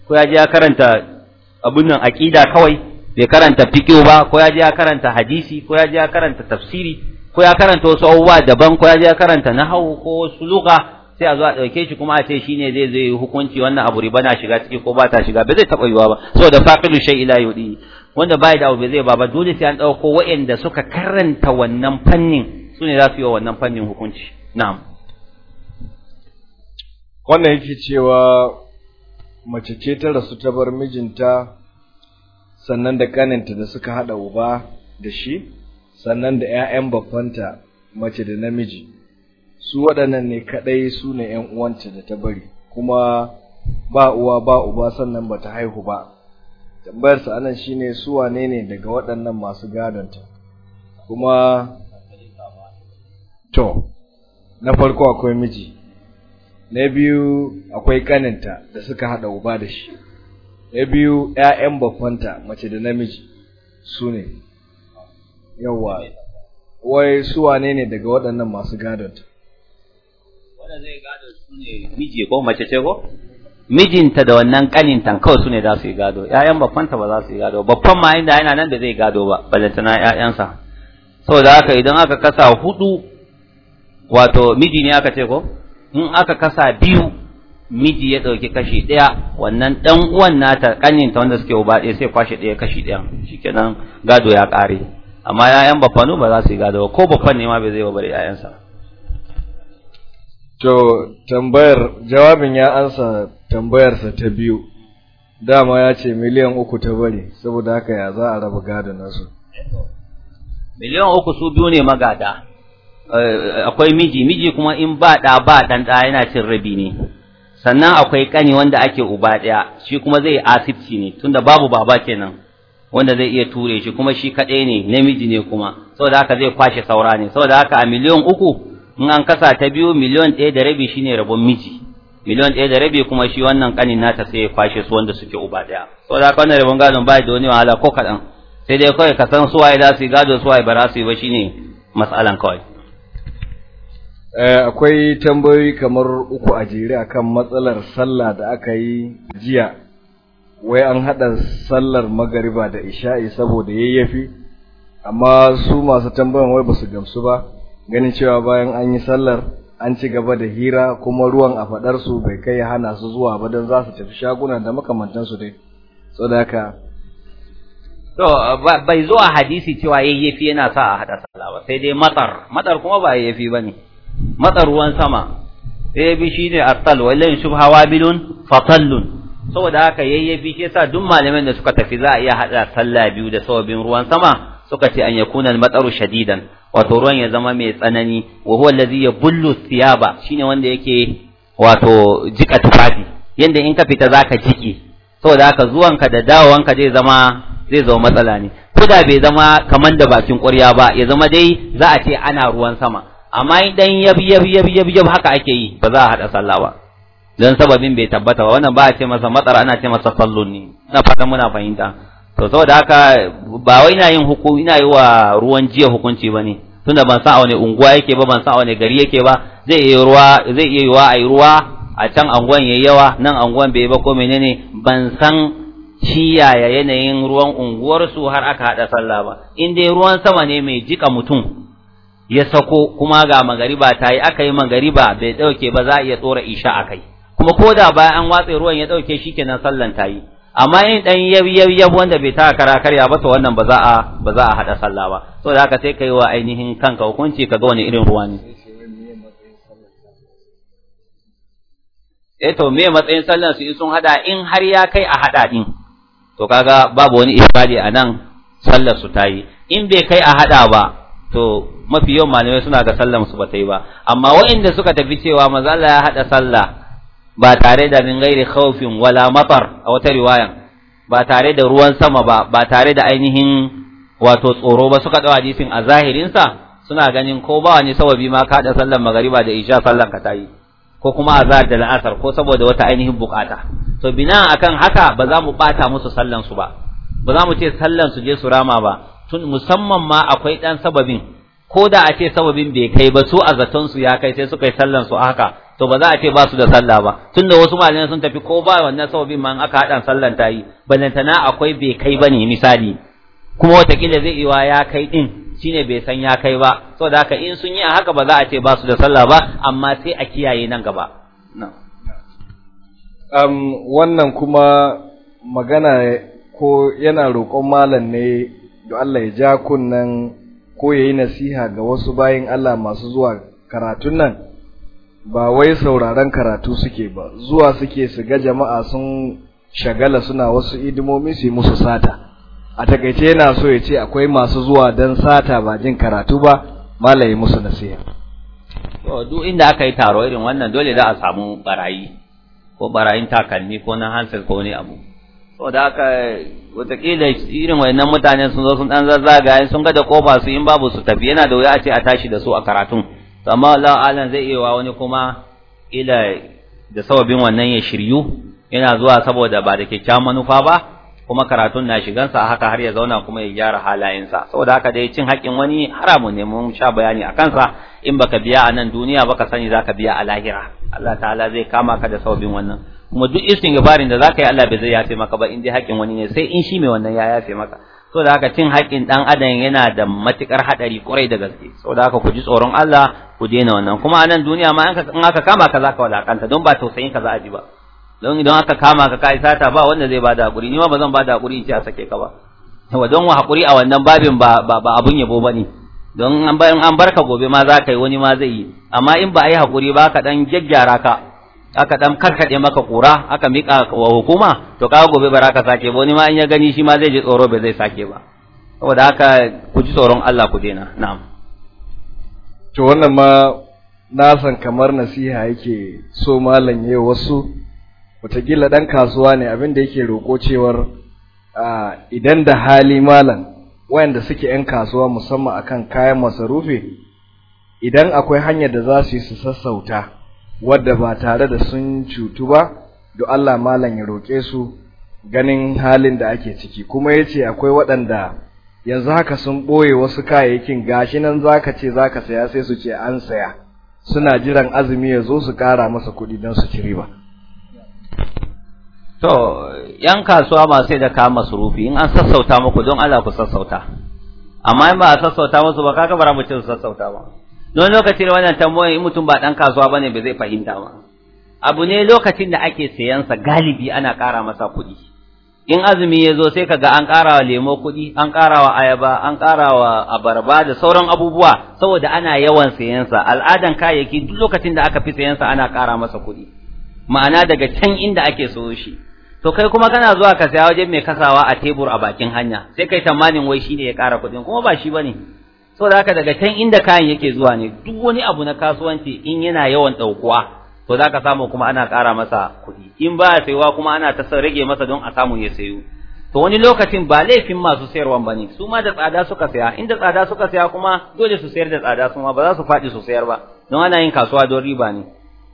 ko ya je ya karanta abun nan aqida kawai bai karanta fiqhu ba ko ya je ya karanta hadisi ko ya je ya karanta tafsiri ko ya karanta wasu abubuwa daban ko ya je ya karanta hau ko wasu luka sai a zo a ɗauke shi kuma a ce shi ne zai zai hukunci wannan abu riba na shiga ciki ko ba ta shiga ba zai taɓa yiwuwa ba saboda faƙilu shai ila yudi wanda ya da abu zai ba ba dole sai an ɗauko waɗanda suka karanta wannan fannin su ne za su yi wannan fannin hukunci na'am wannan yake cewa mace ce ta rasu ta bar mijinta sannan da kaninta da suka haɗa uba da shi sannan da 'ya'yan babbanta mace da namiji su waɗannan ne kaɗai su ne 'yan uwanta da ta bari kuma ba uwa ba uba sannan ba ta haihu ba tambayarsa anan shine su wane ne daga waɗannan masu gadonta kuma to na farko akwai miji na biyu akwai kaninta da suka haɗa uba da shi na biyu 'ya'yan babbanta mace da namiji su ne yawa wai su wane ne daga waɗannan masu gadon wanda zai gado su ne miji ko mace ce ko mijinta da wannan kanintan kawai su ne za su yi gado ƴaƴan babbanta ba za su yi gado babban ma inda yana nan da zai gado ba balantana ƴaƴansa saboda haka idan aka kasa hudu wato miji ne aka ce ko in aka kasa biyu miji ya ɗauki kashi ɗaya wannan ɗan uwan nata ƙaninta wanda suke uba ɗaya sai kwashe ɗaya kashi ɗaya shikenan gado ya ƙare amma yayan bafanu ba za su yi gado ko bafan ne ma bai zai bare yayansa to tambayar jawabin ya ansa tambayarsa ta biyu dama ya ce miliyan uku ta bari saboda haka ya za a raba gado nasu miliyan uku su biyu ne magada eh, akwai miji miji kuma in ba ɗa ba ɗan ɗa yana cin rabi ne sannan akwai ƙani wanda ake uba ɗaya shi kuma zai asibci ne tunda babu baba kenan wanda zai iya ture shi kuma shi kaɗai ne namiji ne kuma saboda haka zai kwashe saura ne saboda haka a miliyon uku in an kasa ta biyu miliyon ɗaya da rabi shi ne rabon miji miliyon ɗaya da rabi kuma shi wannan ƙanin nata sai ya kwashe su wanda suke uba ɗaya saboda haka wannan rabon gadon ba da wani wahala ko kaɗan sai dai kawai ka san suwaye za su yi gado suwaye ba za su yi ba shi ne matsalan kawai. Eh, akwai tambayoyi kamar uku a jere akan matsalar sallah da aka yi jiya wai an haɗa sallar magariba da isha'i saboda yayyafi amma su masu tambayan wai ba su gamsu ba ganin cewa bayan an yi sallar an ci gaba da hira kuma ruwan a faɗarsu bai kai ya hana su zuwa ba don za su tafi shaguna da makamantansu dai so da haka to bai zuwa hadisi cewa yayyafi yana sa a haɗa sallah ba sai dai matsar matsar kuma ba yayyafi ba ne matsar ruwan sama sai bi shine attal wa ilayin shubha wabilun fatallun saboda haka yayyafi shi yasa duk malamin da suka tafi za a iya hada sallah biyu da sababin ruwan sama suka ce an yakuna al-matsaru shadidan wato ruwan ya zama mai tsanani wa huwa allazi yabullu thiyaba shine wanda yake wato jika tufafi yanda in ka fita zaka jiki saboda haka zuwanka da dawowanka zai zama zai zama matsala ne da bai zama kaman da bakin ƙwarya ba ya zama dai za a ce ana ruwan sama amma idan yab yab yab yab haka ake yi ba za a hada sallah ba dan sababin bai tabbata ba wannan ba a ce masa matsara ana ce masa sallun ne ina fatan muna fahimta to saboda haka ba wai ina yin hukumi ina yi wa ruwan jiya hukunci ba ne. tunda ban san a wani unguwa yake ba ban san a wani gari yake ba zai iya ruwa zai iya yiwa ai ruwa a can anguwan yayi yawa nan anguwan bai ba ko menene ban san ciyaya yanayin ruwan unguwarsu har aka haɗa sallah ba in dai ruwan sama ne mai jika mutum ya sako kuma ga magariba ta yi aka yi magariba bai ɗauke ba za a iya tsora isha a kai kuma ko da bayan an watse ruwan ya dauke kenan sallan tayi amma in dan yayyab wanda bai ta kara karya ba to wannan ba za a ba za a hada sallah ba so da haka sai kai wa ainihin kanka hukunci kaga wani irin ruwa ne eh to me matsayin sallan su in sun hada in har ya kai a hada din to kaga babu wani ifadi anan sallar su tayi in bai kai a hada ba to mafi yawan malamai suna ga sallar su ba ta yi ba amma waɗanda suka tafi cewa manzo Allah ya hada sallah ba tare da min gairi khawfin wala matar a wata riwayan ba tare da ruwan sama ba ba tare da ainihin wato tsoro ba suka dawo hadisin a zahirin sa suna ganin ko ba wani sababi ma ka da sallar magariba da isha sallar ka tayi ko kuma azhar da la'asar ko saboda wata ainihin bukata to bina akan haka ba za mu bata musu sallan su ba ba za mu ce sallan su je su rama ba tun musamman ma akwai dan sababin ko da a ce sababin bai kai ba su a zaton su ya kai sai suka yi sallan su haka to ba za a ce ba su da sallah ba tunda wasu malamai sun tafi ko ba wannan sababin ma aka haɗa sallan ta balantana akwai bai kai bane misali kuma wata kila zai iwa ya kai din shine bai san ya kai ba saboda haka in sun yi haka ba za a ce ba su da sallah ba amma sai a kiyaye nan gaba um, wannan kuma magana ko yana roƙon malam ne don Allah ya ja kunnan ko yayi nasiha ga wasu bayin Allah masu zuwa karatun nan ba wai sauraron karatu suke ba zuwa suke su ga jama'a sun shagala suna wasu idimomi su musu sata a takaice yana so ya ce akwai masu zuwa don sata ba jin karatu ba malaye musu nasiha to duk inda aka yi taro irin wannan dole za a samu barayi ko barayin takalmi ko na hansar ko wani abu so da aka wataƙila irin wayannan mutanen sun zo sun dan zazzaga sun ga da kofa su in babu su tafi yana da wuya a ce a tashi da su a karatun to amma Allah alam zai iya wa wani kuma ila da sababin wannan ya shiryu yana zuwa saboda ba da kyakkyawan manufa ba kuma karatun na shigansa haka har ya zauna kuma ya gyara halayensa saboda haka dai cin haƙin wani haramun ne mun sha bayani a kansa in baka biya a nan duniya baka sani zaka biya a lahira Allah ta'ala zai kama ka da sababin wannan kuma duk gabarin da zaka yi Allah bai zai yafe maka ba in dai haƙin wani ne sai in shi mai wannan ya yafe maka so da haka cin haƙƙin ɗan adam yana da matuƙar haɗari ƙwarai da gaske so da haka ku ji tsoron Allah ku daina wannan kuma a nan duniya ma in aka kama ka za ka walaƙanta don ba tausayin ka za a ji ba don idan aka kama ka kai sata ba wanda zai bada haƙuri ni ma ba zan bada haƙuri in ce a sake ka ba yawa don wa haƙuri a wannan babin ba ba abun yabo ba ne don an bayan an barka gobe ma za ka yi wani ma zai yi amma in ba a yi hakuri ba ka ɗan gyaggyara ka aka dan karkade maka kura aka mika wa hukuma to kaga gobe ba ka sake ba wani ma in ya gani shi ma zai ji tsoro ba zai sake ba saboda haka ku ji tsoron Allah ku daina na'am to wannan ma na san kamar nasiha yake so malam yayi wasu wataƙila dan kasuwa ne abin da yake roko cewar idan da hali malam wayanda suke yan kasuwa musamman akan kayan masarufi idan akwai hanyar da za su yi su sassauta wadda ba tare da sun cutu ba do Allah malam ya roƙe su ganin halin da ake ciki kuma ya ce akwai waɗanda yanzu haka sun ɓoye wasu kayayyakin gashi nan za ka ce za ka saya sai su ce an saya suna jiran azumi ya zo su ƙara masa kuɗi don su ci riba to yan kasuwa masu sai da kayan masurufi in an sassauta muku don Allah ku sassauta amma in ba a sassauta musu ba kaga bara mutum sassauta ba don lokacin wannan tambayoyin mutum ba dan kasuwa bane ba zai fahimta ba abu ne lokacin da ake sayansa galibi ana ƙara masa kuɗi in azumi ya zo sai kaga an ƙara wa lemo kuɗi an ƙara wa ayaba an ƙara wa abarba da sauran abubuwa saboda ana yawan sayansa al'adan kayayyaki duk lokacin da aka fi sayansa ana ƙara masa kuɗi ma'ana daga can inda ake so shi to kai kuma kana zuwa ka saya wajen mai kasawa a tebur a bakin hanya sai kai tamanin wai shine ya ƙara kuɗin kuma ba shi bane da haka daga can inda kayan yake zuwa ne duk wani abu na kasuwanci in yana yawan ɗaukuwa to za ka samu kuma ana ƙara masa kuɗi in ba ya saiwa kuma ana ta rage masa don a samu ya sayu to wani lokacin ba laifin masu sayarwan ba ne su ma da tsada suka saya inda tsada suka saya kuma dole su sayar da tsada su ma ba za su faɗi su sayar ba don ana yin kasuwa don riba ne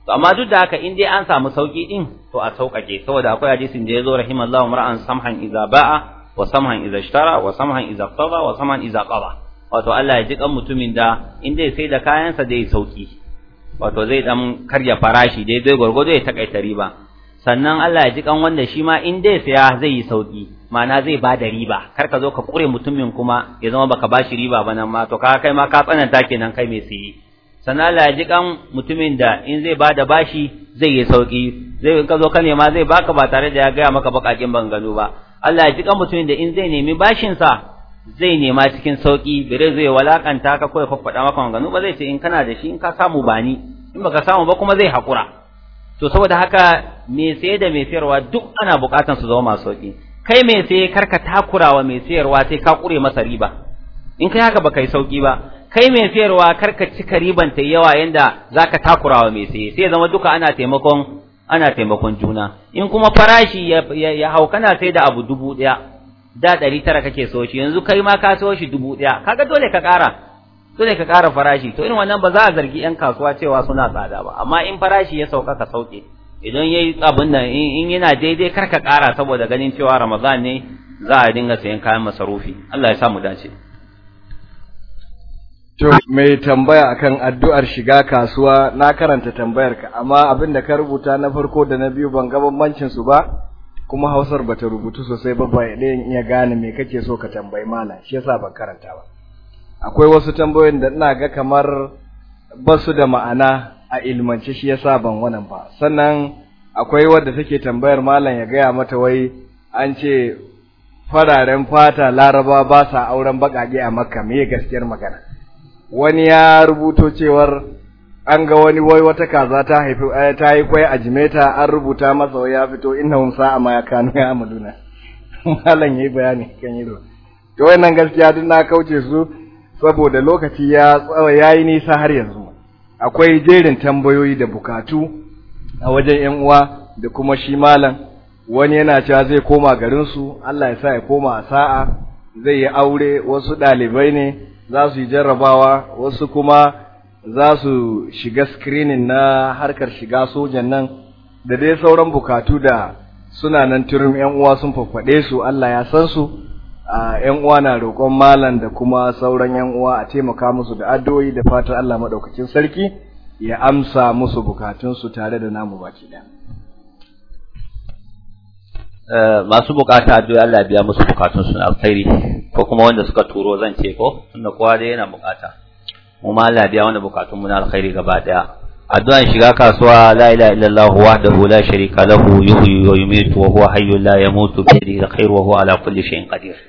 to amma duk da haka in dai an samu sauki din to a sauƙaƙe saboda akwai hadisin da ya zo rahimallahu mar'an samhan idza ba'a wa samhan idza ishtara wa samhan idza qada wa samhan idza qada wato Allah ya ji kan mutumin da in dai sai da kayansa dai sauki wato zai dan karya farashi dai dai gurgudu ya takaita riba sannan Allah ya ji kan wanda shi ma in dai saya zai yi sauki ma'ana zai ba da riba kar ka zo ka kure mutumin kuma ya zama baka bashi riba ba nan ma to ka kai ma ka tsananta kenan kai mai siye sannan Allah ya ji kan mutumin da in zai ba da bashi zai yi sauki zai in ka zo ka nema zai baka ba tare da ya gaya maka bakakin bangano ba Allah ya ji kan mutumin da in zai nemi bashin sa zai nema cikin sauki bire zai walakanta ka ko faffada maka wannan ba zai ce in kana da shi in ka samu bani in baka samu ba kuma zai hakura to saboda haka me sai da me sayarwa duk ana bukatan su zama masu sauki kai me sai karka takurawa me sayarwa sai ka kure masa riba in kai haka baka yi sauki ba kai me sayarwa karka cika riban ta yawa yanda zaka takurawa me sai sai zama duka ana taimakon ana taimakon juna in kuma farashi ya, haukana sai da abu dubu daya da ɗari tara kake so shi yanzu kai ma ka so shi dubu ɗaya kaga dole ka ƙara dole ka ƙara farashi to irin wannan ba za a zargi 'yan kasuwa cewa suna tsada ba amma in farashi ya sauka ka sauke idan ya yi abin nan in yana daidai kar ka ƙara saboda ganin cewa ramadan ne za a dinga sayan kayan masarufi Allah ya sa mu dace to mai tambaya akan addu'ar shiga kasuwa na karanta tambayarka amma abin da ka rubuta na farko da na biyu ban ga bambancin su ba kuma Hausar bata rubutu sosai ba ba ya gane me kake so ka tambayi mala shi yasa ban karanta ba akwai wasu tambayoyin da ina ga kamar basu da ma'ana a ilmance shi yasa ban wannan ba sannan akwai wadda take tambayar malam ya gaya mata wai an ce fararen fata laraba ba sa auren bakage a makka me gaskiyar magana wani ya rubuto cewar an ga wani wai wata kaza ta haifi eh, ta yi kwai a jimeta an rubuta masa wai ya fito innahum sa'a ma kanu ya amaluna <laughs> malam yayi bayani kan yi to wannan gaskiya duk na kauce su saboda lokaci ya tsawa yayi nisa har yanzu akwai jerin tambayoyi da bukatu a wajen yan uwa da kuma shi malam wani yana cewa zai koma garin su Allah ya sa ya koma a sa'a zai yi aure wasu dalibai ne za su yi jarrabawa wasu kuma za su shiga screening na harkar shiga sojan nan da dai sauran bukatu da suna nan turin yan uwa sun fafade su Allah ya san su yan uwa na roƙon malam da kuma sauran yan uwa a taimaka musu da addu'o'i da fatan Allah madaukakin sarki ya amsa musu su tare da namu baki da. Eh, masu bukata addu'o'i Allah biya musu su na alkhairi ko kuma wanda suka turo zan ce ko tunda kowa dai yana bukata mu ma Allah biya wannan bukatun mu na alkhairi gaba daya addu'an shiga kasuwa la ilaha illallah wahdahu la sharika lahu yuhyi wa yumiitu wa huwa hayyul la yamutu bi yadihi alkhair wa huwa ala kulli shay'in qadir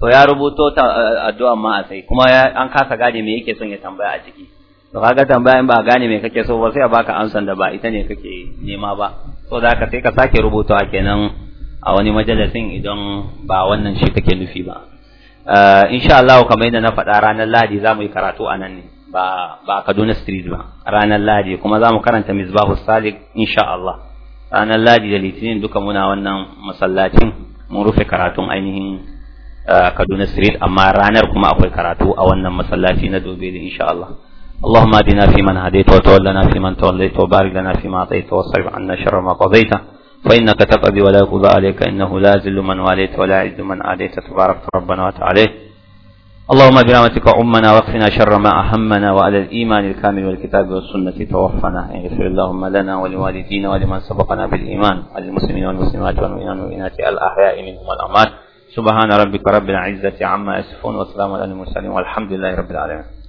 to ya rubuto ta eh, addu'an ma a sai kuma an kasa gane me yake son ya tambaya a ciki to kaga tambaya in ba gane me kake so ba sai a baka amsan da ba ita ne kake nema ba to da ka sai ka sake rubuto a kenan a wani majalisin idan ba wannan shi kake nufi ba eh, insha Allah kamar yadda na faɗa ranar Lahadi zamu yi karatu a nan ne ba Kaduna Street ba ranar Lahadi kuma zamu karanta Misbahu Salik insha Allah ranar Lahadi da Litinin duka muna wannan masallacin mun rufe karatun ainihin eh, Kaduna Street amma ranar kuma akwai karatu a wannan masallaci na Dobe insha Allah اللهم اهدنا فيمن هديت وتولنا فيمن توليت وبارك لنا فيما اعطيت واصرف عنا شر ما قضيت فإنك تقضي ولا يقضى عليك إنه لا ذل من واليت ولا عز من عاديت تبارك ربنا وتعالى اللهم برحمتك أمنا واقفنا شر ما أهمنا وعلى الإيمان الكامل والكتاب والسنة توفنا اغفر اللهم لنا ولوالدينا ولمن سبقنا بالإيمان وللمسلمين والمسلمات والمؤمنين والمؤمنات الأحياء منهم والأموات سبحان ربك رب العزة عما يصفون وسلام على المرسلين والحمد لله رب العالمين